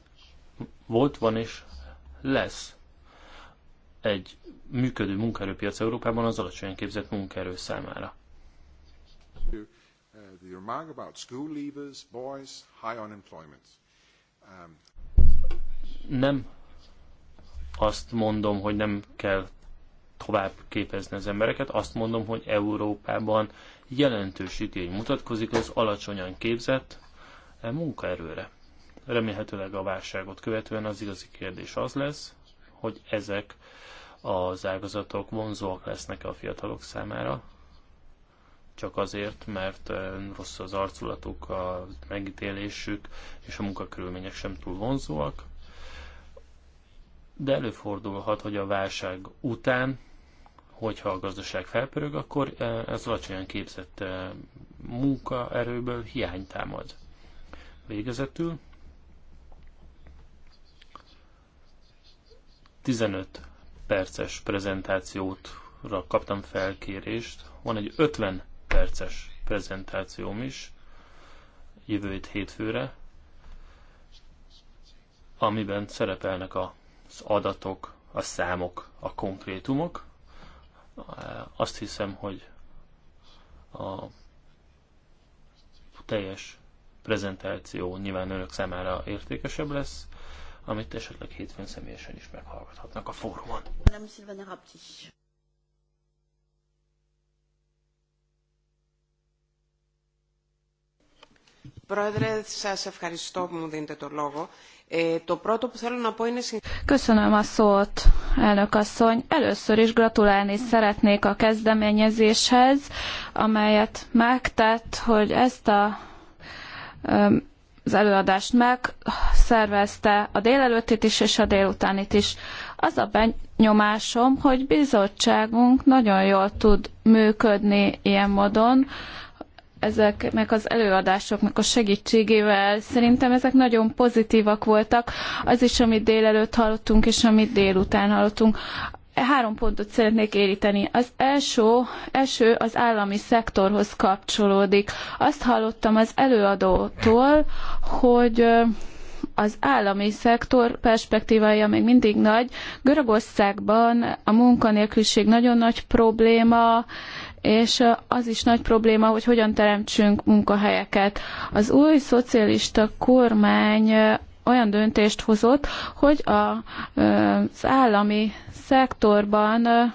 volt, van és lesz egy működő munkaerőpiac Európában az alacsonyan képzett munkaerő számára to The uh, remark about school leavers, boys, high unemployment. Um, nem azt mondom, hogy nem kell tovább képezni az embereket, azt mondom, hogy Európában jelentős igény mutatkozik az alacsonyan képzett eh, munkaerőre. Remélhetőleg a válságot követően az igazi kérdés az lesz, hogy ezek az ágazatok vonzóak lesznek a fiatalok számára, csak azért, mert eh, rossz az arculatuk, a megítélésük és a munkakörülmények sem túl vonzóak. De előfordulhat, hogy a válság után, hogyha a gazdaság felpörög, akkor eh, ez alacsonyan képzett eh, munkaerőből hiány támad. Végezetül 15 perces prezentációt kaptam felkérést. Van egy 50 perces prezentációm is jövő hétfőre, amiben szerepelnek az adatok, a számok, a konkrétumok. Azt hiszem, hogy a teljes prezentáció nyilván önök számára értékesebb lesz, amit esetleg hétfőn személyesen is meghallgathatnak a fórumon. Köszönöm a szót, elnök asszony. Először is gratulálni szeretnék a kezdeményezéshez, amelyet megtett, hogy ezt a az előadást megszervezte a délelőttit is és a délutánit is. Az a benyomásom, hogy bizottságunk nagyon jól tud működni ilyen módon, ezeknek az előadásoknak a segítségével. Szerintem ezek nagyon pozitívak voltak. Az is, amit délelőtt hallottunk, és amit délután hallottunk. Három pontot szeretnék éríteni. Az első, első az állami szektorhoz kapcsolódik. Azt hallottam az előadótól, hogy az állami szektor perspektívája még mindig nagy. Görögországban a munkanélküliség nagyon nagy probléma, és az is nagy probléma, hogy hogyan teremtsünk munkahelyeket. Az új szocialista kormány olyan döntést hozott, hogy a, az állami szektorban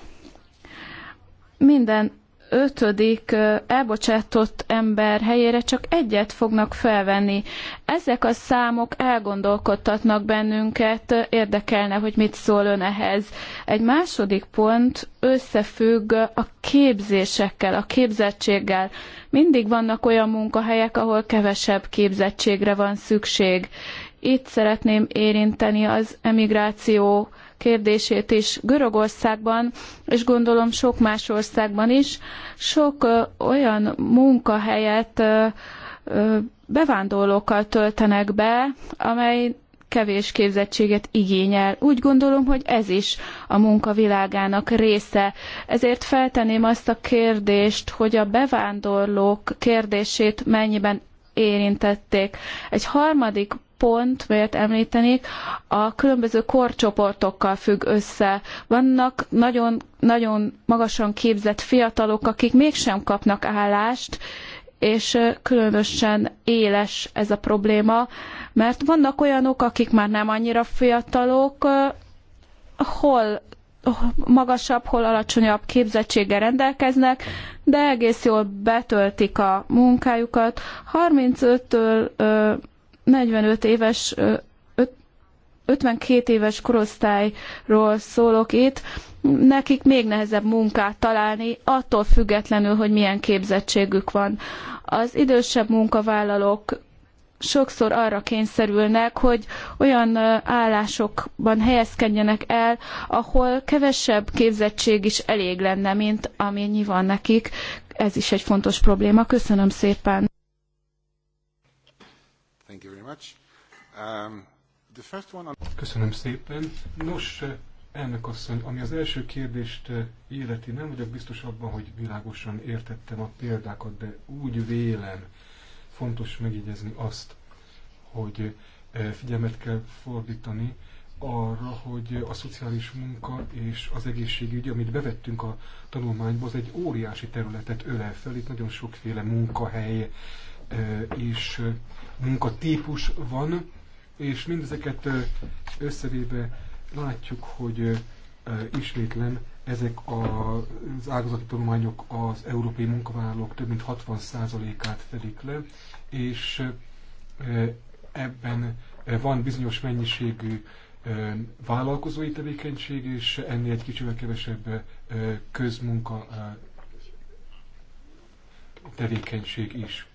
minden ötödik elbocsátott ember helyére csak egyet fognak felvenni. Ezek a számok elgondolkodtatnak bennünket, érdekelne, hogy mit szól ön ehhez. Egy második pont összefügg a képzésekkel, a képzettséggel. Mindig vannak olyan munkahelyek, ahol kevesebb képzettségre van szükség. Itt szeretném érinteni az emigráció kérdését is Görögországban, és gondolom sok más országban is, sok olyan munkahelyet bevándorlókkal töltenek be, amely kevés képzettséget igényel. Úgy gondolom, hogy ez is a munkavilágának része. Ezért feltenném azt a kérdést, hogy a bevándorlók kérdését mennyiben érintették. Egy harmadik pont, melyet említenék, a különböző korcsoportokkal függ össze. Vannak nagyon, nagyon magasan képzett fiatalok, akik mégsem kapnak állást, és különösen éles ez a probléma, mert vannak olyanok, akik már nem annyira fiatalok, hol magasabb, hol alacsonyabb képzettséggel rendelkeznek, de egész jól betöltik a munkájukat. 35-től 45 éves, 52 éves korosztályról szólok itt, nekik még nehezebb munkát találni, attól függetlenül, hogy milyen képzettségük van. Az idősebb munkavállalók sokszor arra kényszerülnek, hogy olyan állásokban helyezkedjenek el, ahol kevesebb képzettség is elég lenne, mint amennyi van nekik. Ez is egy fontos probléma. Köszönöm szépen. Thank you very much. Um, the first one on... Köszönöm szépen. Nos, elnök asszony, ami az első kérdést eh, illeti, nem vagyok biztos abban, hogy világosan értettem a példákat, de úgy vélem fontos megjegyezni azt, hogy eh, figyelmet kell fordítani arra, hogy a szociális munka és az egészségügy, amit bevettünk a tanulmányba, az egy óriási területet ölel fel, itt nagyon sokféle munkahely eh, és munkatípus van, és mindezeket összevéve látjuk, hogy ismétlen ezek az ágazati tanulmányok az európai munkavállalók több mint 60%-át fedik le, és ebben van bizonyos mennyiségű vállalkozói tevékenység, és ennél egy kicsivel kevesebb közmunka tevékenység is.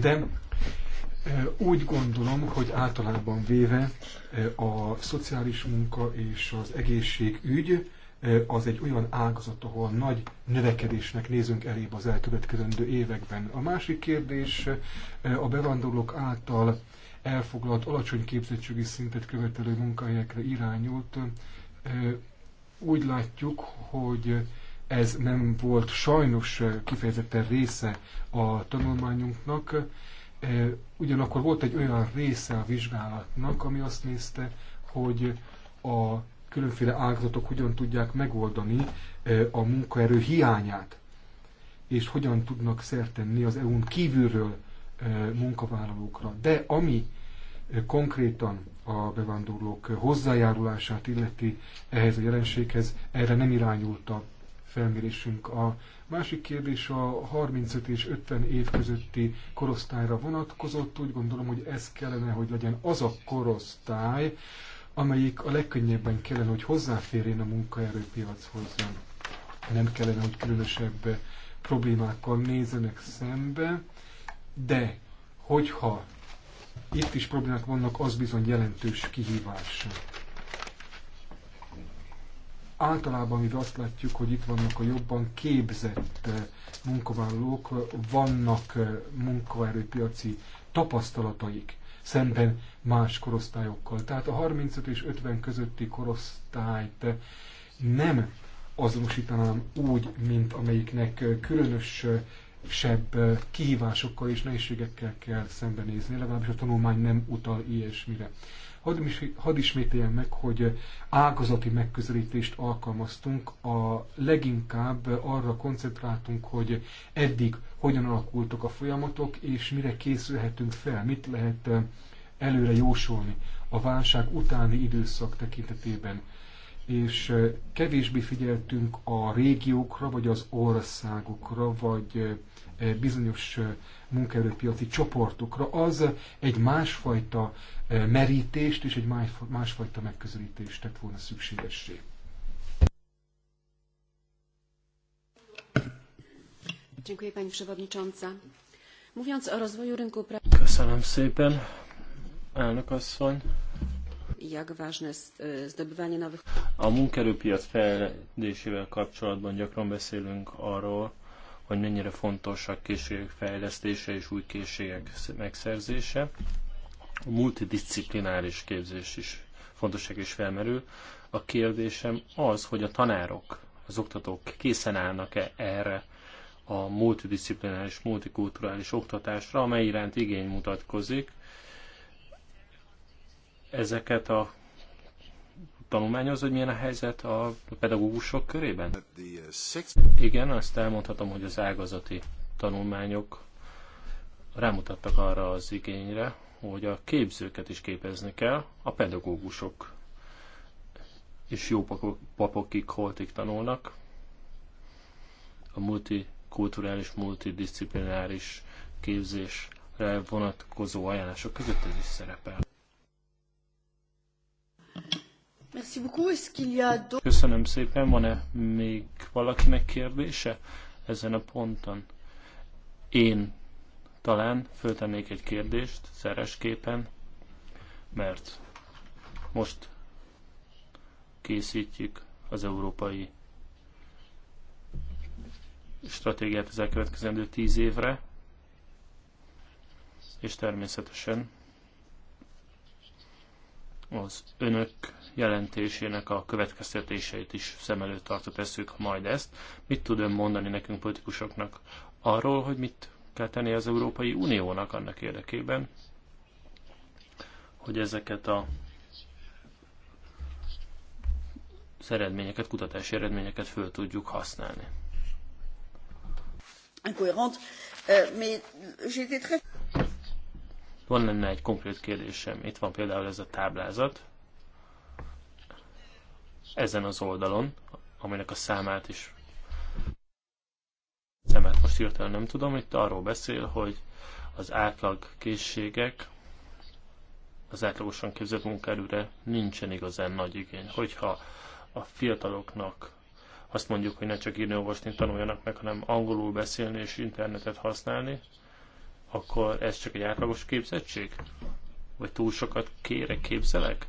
de úgy gondolom, hogy általában véve a szociális munka és az egészségügy az egy olyan ágazat, ahol nagy növekedésnek nézünk elébb az elkövetkezendő években. A másik kérdés a bevándorlók által elfoglalt alacsony képzettségi szintet követelő munkahelyekre irányult. Úgy látjuk, hogy ez nem volt sajnos kifejezetten része a tanulmányunknak, e, ugyanakkor volt egy olyan része a vizsgálatnak, ami azt nézte, hogy a különféle ágazatok hogyan tudják megoldani e, a munkaerő hiányát, és hogyan tudnak szertenni az EU-n kívülről e, munkavállalókra. De ami konkrétan a bevándorlók hozzájárulását illeti ehhez a jelenséghez, erre nem irányult a felmérésünk. A másik kérdés a 35 és 50 év közötti korosztályra vonatkozott. Úgy gondolom, hogy ez kellene, hogy legyen az a korosztály, amelyik a legkönnyebben kellene, hogy hozzáférjen a munkaerőpiachoz. Nem kellene, hogy különösebb problémákkal nézenek szembe, de hogyha itt is problémák vannak, az bizony jelentős kihívás általában mi azt látjuk, hogy itt vannak a jobban képzett eh, munkavállalók, vannak eh, munkaerőpiaci tapasztalataik szemben más korosztályokkal. Tehát a 35 és 50 közötti korosztályt eh, nem azonosítanám úgy, mint amelyiknek különös sebb kihívásokkal és nehézségekkel kell szembenézni, legalábbis a tanulmány nem utal ilyesmire. Hadd, ismételjem meg, hogy ágazati megközelítést alkalmaztunk, a leginkább arra koncentráltunk, hogy eddig hogyan alakultak a folyamatok, és mire készülhetünk fel, mit lehet előre jósolni a válság utáni időszak tekintetében. És kevésbé figyeltünk a régiókra, vagy az országokra, vagy bizonyos munkaerőpiaci csoportokra, az egy másfajta merítést és egy másfajta megközelítést tett volna szükségessé. Köszönöm szépen, elnök asszony. A munkerőpiac fejlődésével kapcsolatban gyakran beszélünk arról, hogy mennyire fontos a készségek fejlesztése és új készségek megszerzése. A multidisciplináris képzés is fontosak és felmerül. A kérdésem az, hogy a tanárok, az oktatók készen állnak-e erre a multidisciplináris, multikulturális oktatásra, amely iránt igény mutatkozik. Ezeket a tanulmányoz, hogy milyen a helyzet a pedagógusok körében? Uh, Igen, azt elmondhatom, hogy az ágazati tanulmányok rámutattak arra az igényre, hogy a képzőket is képezni kell, a pedagógusok és jó papokik holtig tanulnak. A multikulturális, multidisciplináris képzésre vonatkozó ajánlások között ez is szerepel. Köszönöm szépen. Van-e még valakinek kérdése ezen a ponton? Én talán föltennék egy kérdést szeresképpen, mert most készítjük az európai stratégiát az elkövetkezendő tíz évre, és természetesen az önök jelentésének a következtetéseit is szem előtt tartva tesszük majd ezt. Mit tud ön mondani nekünk politikusoknak arról, hogy mit kell tenni az Európai Uniónak annak érdekében, hogy ezeket a az eredményeket, kutatási eredményeket föl tudjuk használni. Van lenne egy konkrét kérdésem. Itt van például ez a táblázat. Ezen az oldalon, aminek a számát is szemet most hirtelen nem tudom, itt arról beszél, hogy az átlag készségek az átlagosan képzett munkaerőre nincsen igazán nagy igény. Hogyha a fiataloknak azt mondjuk, hogy ne csak írni, olvasni tanuljanak meg, hanem angolul beszélni és internetet használni, akkor ez csak egy átlagos képzettség? Vagy túl sokat kérek, képzelek?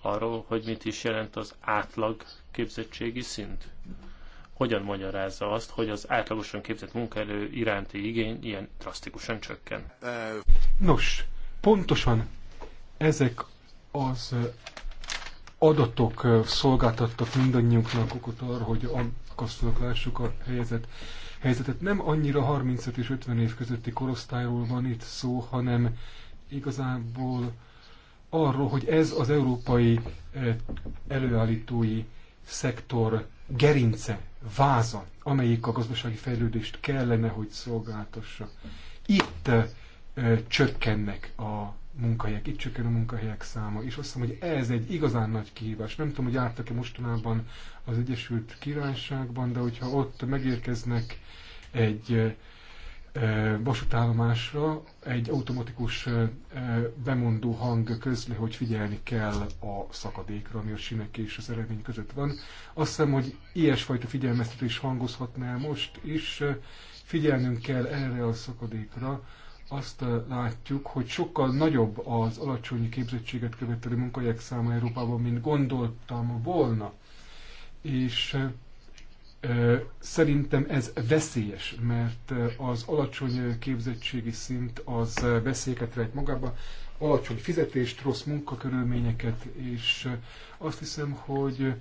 Arról, hogy mit is jelent az átlag képzettségi szint? Hogyan magyarázza azt, hogy az átlagosan képzett munkaerő iránti igény ilyen drasztikusan csökken? Nos, pontosan ezek az adatok szolgáltattak mindannyiunknak okot arra, hogy akasztóak lássuk a helyzet helyzetet. Nem annyira 35 és 50 év közötti korosztályról van itt szó, hanem igazából arról, hogy ez az európai eh, előállítói szektor gerince, váza, amelyik a gazdasági fejlődést kellene, hogy szolgáltassa. Itt eh, csökkennek a munkahelyek, itt csökken a munkahelyek száma, és azt hiszem, hogy ez egy igazán nagy kihívás. Nem tudom, hogy jártak-e mostanában az Egyesült Királyságban, de hogyha ott megérkeznek egy vasútállomásra egy automatikus bemondó hang közli, hogy figyelni kell a szakadékra, ami a sinek és az eredmény között van. Azt hiszem, hogy ilyesfajta figyelmeztetés hangozhatná most is. Figyelnünk kell erre a szakadékra, azt látjuk, hogy sokkal nagyobb az alacsony képzettséget követelő munkahelyek száma Európában, mint gondoltam volna. És Szerintem ez veszélyes, mert az alacsony képzettségi szint az veszélyeket rejt magába, alacsony fizetést, rossz munkakörülményeket, és azt hiszem, hogy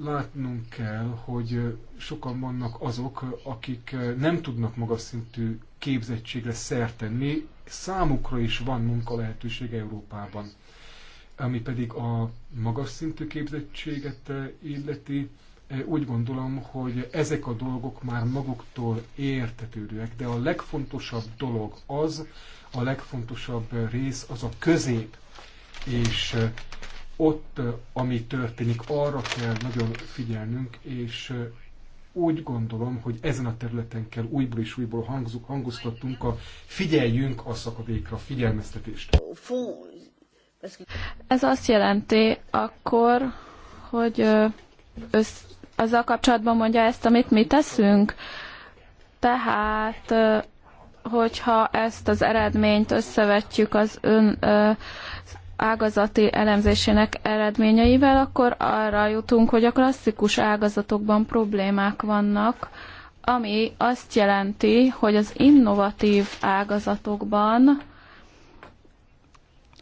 látnunk kell, hogy sokan vannak azok, akik nem tudnak magas szintű képzettségre szert tenni, számukra is van munka lehetőség Európában. Ami pedig a magas szintű képzettséget illeti, úgy gondolom, hogy ezek a dolgok már maguktól értetődőek, de a legfontosabb dolog az, a legfontosabb rész az a közép, és ott, ami történik, arra kell nagyon figyelnünk, és úgy gondolom, hogy ezen a területen kell újból és újból hangzunk, hangoztatunk a figyeljünk a szakadékra figyelmeztetést. Ez azt jelenti akkor, hogy össz, azzal kapcsolatban mondja ezt, amit mi teszünk. Tehát, hogyha ezt az eredményt összevetjük az ön ágazati elemzésének eredményeivel, akkor arra jutunk, hogy a klasszikus ágazatokban problémák vannak, ami azt jelenti, hogy az innovatív ágazatokban,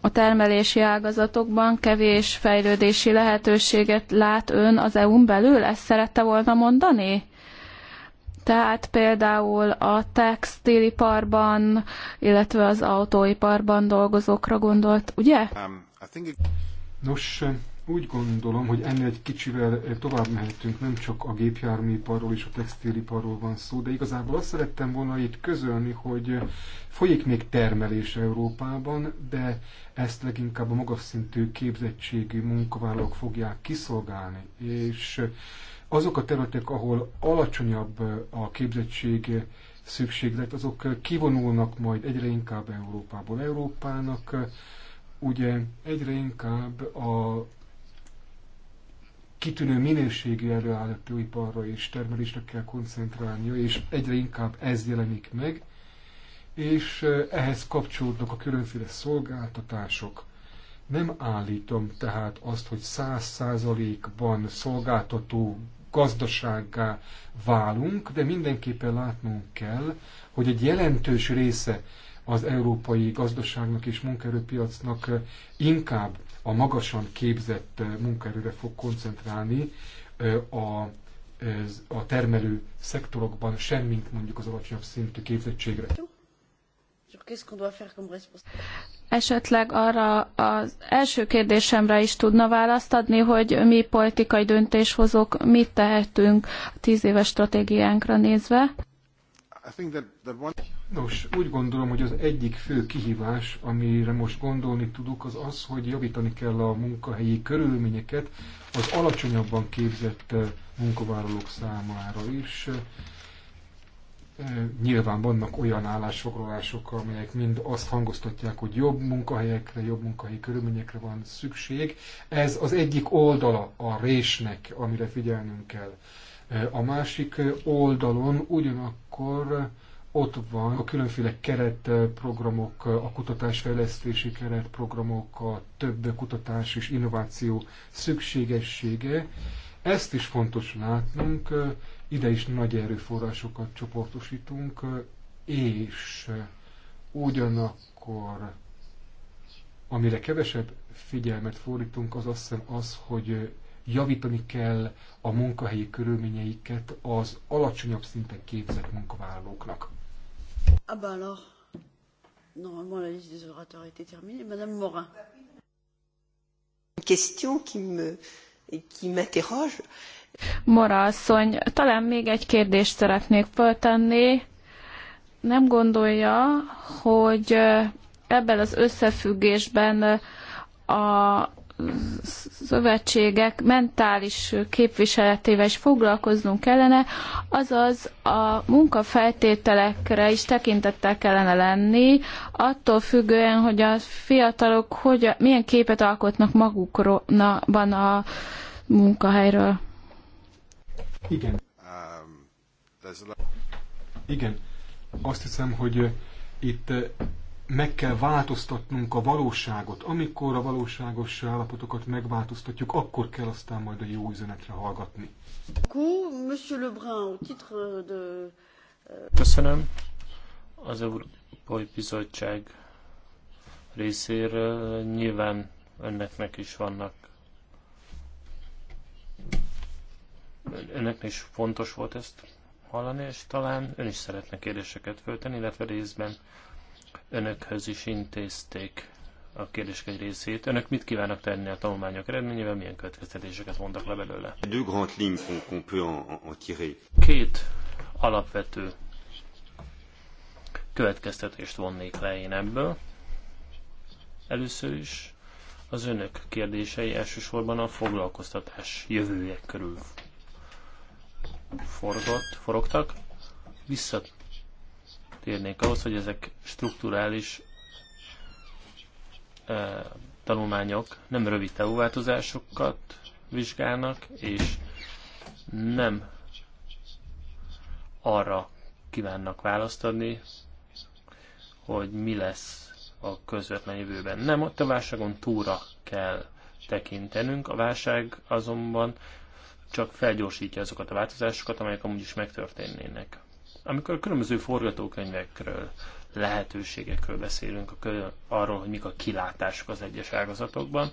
a termelési ágazatokban kevés fejlődési lehetőséget lát ön az EU-n belül? Ezt szerette volna mondani? Tehát például a textiliparban, illetve az autóiparban dolgozókra gondolt, ugye? Um, Nos, úgy gondolom, hogy ennél egy kicsivel tovább mehetünk, nem csak a gépjárműiparról és a textiliparról van szó, de igazából azt szerettem volna itt közölni, hogy folyik még termelés Európában, de ezt leginkább a magas szintű képzettségű munkavállalók fogják kiszolgálni, és azok a területek, ahol alacsonyabb eh, a képzettség eh, szükséglet, azok eh, kivonulnak majd egyre inkább Európából. Európának ugye egyre inkább a kitűnő minőségű előállítóiparra és termelésre kell koncentrálnia, és egyre inkább ez jelenik meg, és ehhez kapcsolódnak a különféle szolgáltatások. Nem állítom tehát azt, hogy száz százalékban szolgáltató gazdasággá válunk, de mindenképpen látnunk kell, hogy egy jelentős része az európai gazdaságnak és munkaerőpiacnak eh, inkább a magasan képzett eh, munkaerőre fog koncentrálni eh, a, a termelő szektorokban, semmint mondjuk az alacsonyabb szintű képzettségre. Esetleg arra az első kérdésemre is tudna választ adni, hogy mi politikai döntéshozók mit tehetünk a tíz éves stratégiánkra nézve. Nos, úgy gondolom, hogy az egyik fő kihívás, amire most gondolni tudok, az az, hogy javítani kell a munkahelyi körülményeket az alacsonyabban képzett eh, munkavállalók számára is nyilván vannak olyan állásfoglalások, amelyek mind azt hangoztatják, hogy jobb munkahelyekre, jobb munkahelyi körülményekre van szükség. Ez az egyik oldala a résnek, amire figyelnünk kell. A másik oldalon ugyanakkor ott van a különféle keretprogramok, a kutatásfejlesztési keretprogramok, a több kutatás és innováció szükségessége. Ezt is fontos látnunk, ide is nagy erőforrásokat csoportosítunk, és ugyanakkor amire kevesebb figyelmet fordítunk, az azt hiszem az, hogy javítani kell a munkahelyi körülményeiket az alacsonyabb szinten képzett munkavállalóknak. Ah bah alors, normalement la liste des orateurs terminée. Madame Morin. Une question qui me qui m'interroge, Mora asszony, talán még egy kérdést szeretnék föltenni. Nem gondolja, hogy ebben az összefüggésben a szövetségek mentális képviseletével is foglalkoznunk kellene, azaz a munkafeltételekre is tekintettel kellene lenni, attól függően, hogy a fiatalok hogy, milyen képet alkotnak magukban a munkahelyről. Igen. Igen. Azt hiszem, hogy itt meg kell változtatnunk a valóságot. Amikor a valóságos állapotokat megváltoztatjuk, akkor kell aztán majd a jó üzenetre hallgatni. Köszönöm. Az Európai Bizottság részéről nyilván önnek is vannak önöknek is fontos volt ezt hallani, és talán ön is szeretne kérdéseket föltenni, illetve részben önökhöz is intézték a kérdések egy részét. Önök mit kívánnak tenni a tanulmányok eredményével, milyen következtetéseket mondtak le belőle? Két alapvető következtetést vonnék le én ebből. Először is az önök kérdései elsősorban a foglalkoztatás jövője körül forgott, forogtak, visszatérnék ahhoz, hogy ezek strukturális e, tanulmányok nem rövid változásokat vizsgálnak, és nem arra kívánnak választ adni, hogy mi lesz a közvetlen jövőben. Nem, ott a válságon túra kell tekintenünk. A válság azonban csak felgyorsítja azokat a változásokat, amelyek amúgy is megtörténnének. Amikor a különböző forgatókönyvekről, lehetőségekről beszélünk, arról, hogy mik a kilátások az egyes ágazatokban,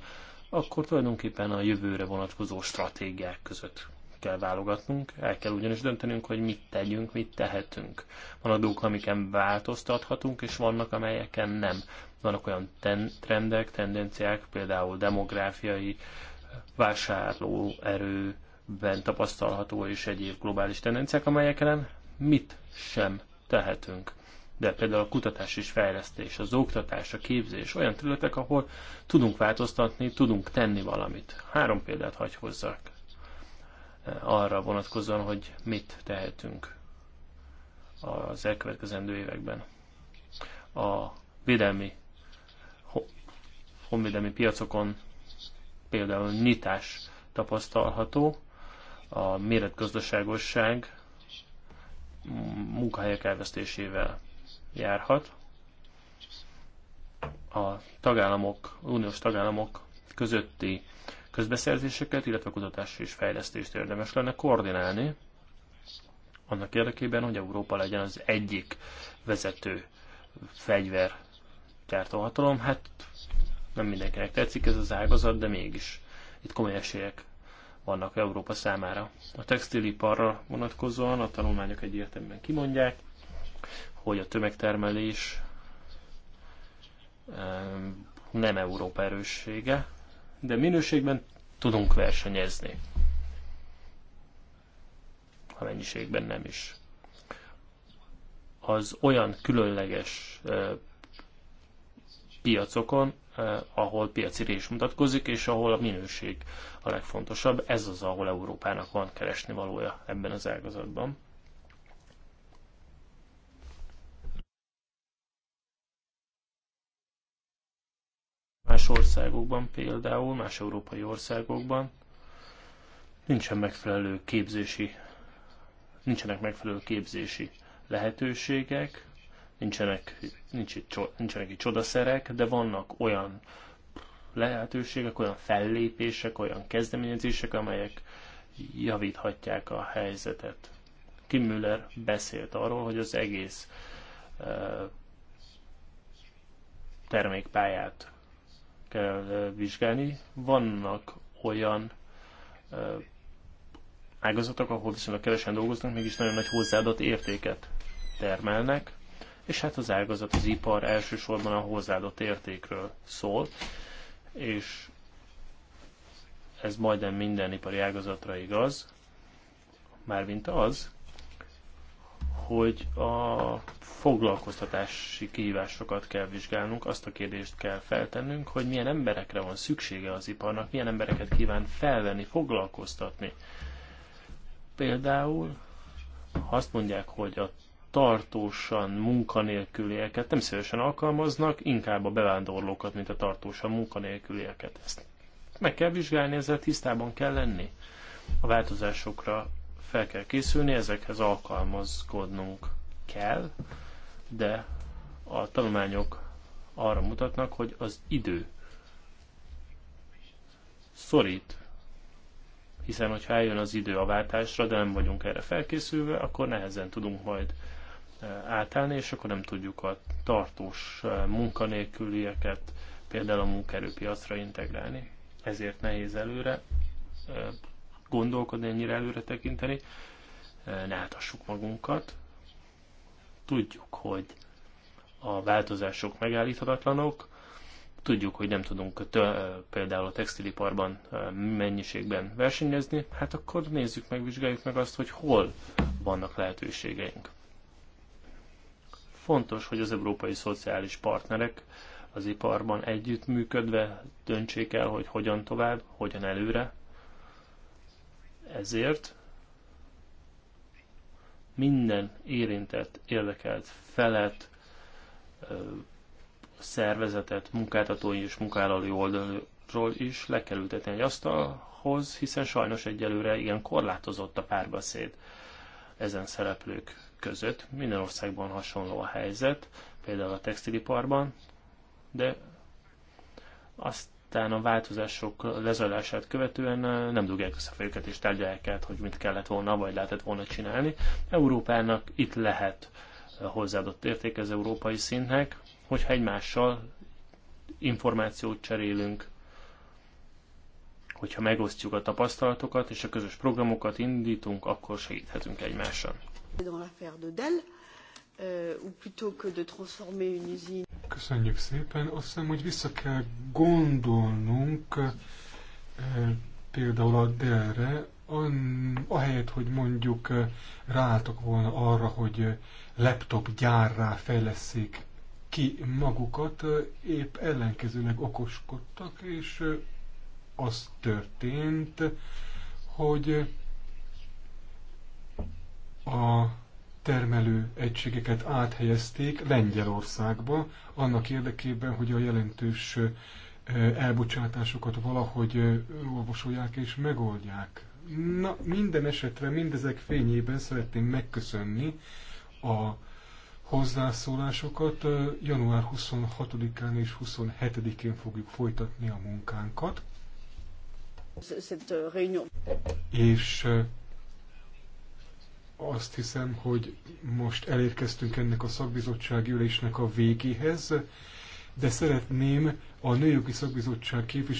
akkor tulajdonképpen a jövőre vonatkozó stratégiák között kell válogatnunk, el kell ugyanis döntenünk, hogy mit tegyünk, mit tehetünk. Van adók, amiken változtathatunk, és vannak, amelyeken nem. Vannak olyan ten- trendek, tendenciák, például demográfiai, vásárlóerő, ben tapasztalható és egyéb globális tendenciák, amelyek ellen mit sem tehetünk. De például a kutatás és fejlesztés, az oktatás, a képzés olyan területek, ahol tudunk változtatni, tudunk tenni valamit. Három példát hagy hozzak eh, arra vonatkozóan, hogy mit tehetünk az elkövetkezendő években. A védelmi, honvédelmi piacokon például nyitás tapasztalható, a méretgazdaságosság munkahelyek elvesztésével járhat. A tagállamok, uniós tagállamok közötti közbeszerzéseket, illetve kutatást és fejlesztést érdemes lenne koordinálni, annak érdekében, hogy Európa legyen az egyik vezető fegyver gyártóhatalom. Hát nem mindenkinek tetszik ez az ágazat, de mégis itt komoly esélyek vannak Európa számára. A textiliparra vonatkozóan a tanulmányok egyértelműen kimondják, hogy a tömegtermelés nem Európa erőssége, de minőségben tudunk versenyezni. a mennyiségben nem is. Az olyan különleges piacokon, eh, ahol piaci rés mutatkozik, és ahol a minőség a legfontosabb. Ez az, ahol Európának van keresni valója ebben az ágazatban. Más országokban például, más európai országokban nincsen megfelelő képzési, nincsenek megfelelő képzési lehetőségek, nincsenek, nincs itt, nincsenek itt csodaszerek, de vannak olyan lehetőségek, olyan fellépések, olyan kezdeményezések, amelyek javíthatják a helyzetet. Kim Müller beszélt arról, hogy az egész termékpályát kell vizsgálni. Vannak olyan ágazatok, ahol viszonylag kevesen dolgoznak, mégis nagyon nagy hozzáadott értéket termelnek és hát az ágazat, az ipar elsősorban a hozzáadott értékről szól, és ez majdnem minden ipari ágazatra igaz, mármint az, hogy a foglalkoztatási kihívásokat kell vizsgálnunk, azt a kérdést kell feltennünk, hogy milyen emberekre van szüksége az iparnak, milyen embereket kíván felvenni, foglalkoztatni. Például, ha azt mondják, hogy a tartósan munkanélkülieket nem szívesen alkalmaznak, inkább a bevándorlókat, mint a tartósan munkanélkülieket. Ezt meg kell vizsgálni, ezzel tisztában kell lenni. A változásokra fel kell készülni, ezekhez alkalmazkodnunk kell, de a tanulmányok arra mutatnak, hogy az idő szorít, hiszen hogyha eljön az idő a váltásra, de nem vagyunk erre felkészülve, akkor nehezen tudunk majd Eh, átállni, és akkor nem tudjuk a tartós eh, munkanélkülieket például a munkaerőpiacra integrálni. Ezért nehéz előre eh, gondolkodni, ennyire előre tekinteni. Ne átassuk magunkat. Tudjuk, hogy a változások megállíthatatlanok, tudjuk, hogy nem tudunk tő, például a textiliparban mennyiségben versenyezni, hát akkor nézzük meg, vizsgáljuk meg azt, hogy hol vannak lehetőségeink. Fontos, hogy az európai szociális partnerek az iparban együttműködve döntsék el, hogy hogyan tovább, hogyan előre. Ezért minden érintett, érdekelt felet, szervezetet, munkáltatói és munkállalói oldalról is le kell ültetni egy asztalhoz, hiszen sajnos egyelőre ilyen korlátozott a párbeszéd ezen szereplők között. Minden országban hasonló a helyzet, például a textiliparban, de aztán a változások lezajlását követően nem dugják össze fejüket és tárgyalják át, hogy mit kellett volna, vagy lehetett volna csinálni. Európának itt lehet hozzáadott érték az európai szintnek, hogyha egymással információt cserélünk, hogyha megosztjuk a tapasztalatokat és a közös programokat indítunk, akkor segíthetünk egymással. Dans l'affaire de Dell, euh, ou plutôt que de transformer une usine. Köszönjük szépen. Azt hiszem, hogy vissza kell gondolnunk e, például a Dell-re, ahelyett, hogy mondjuk ráálltak volna arra, hogy laptop gyárrá fejleszik ki magukat, épp ellenkezőleg okoskodtak, és az történt, hogy a termelő egységeket áthelyezték Lengyelországba, annak érdekében, hogy a jelentős elbocsátásokat valahogy olvasolják és megoldják. Na, minden esetre mindezek fényében szeretném megköszönni a hozzászólásokat. Január 26-án és 27-én fogjuk folytatni a munkánkat. És azt hiszem, hogy most elérkeztünk ennek a szakbizottsági ülésnek a végéhez, de szeretném a Nőjogi Szakbizottság képviselőjét,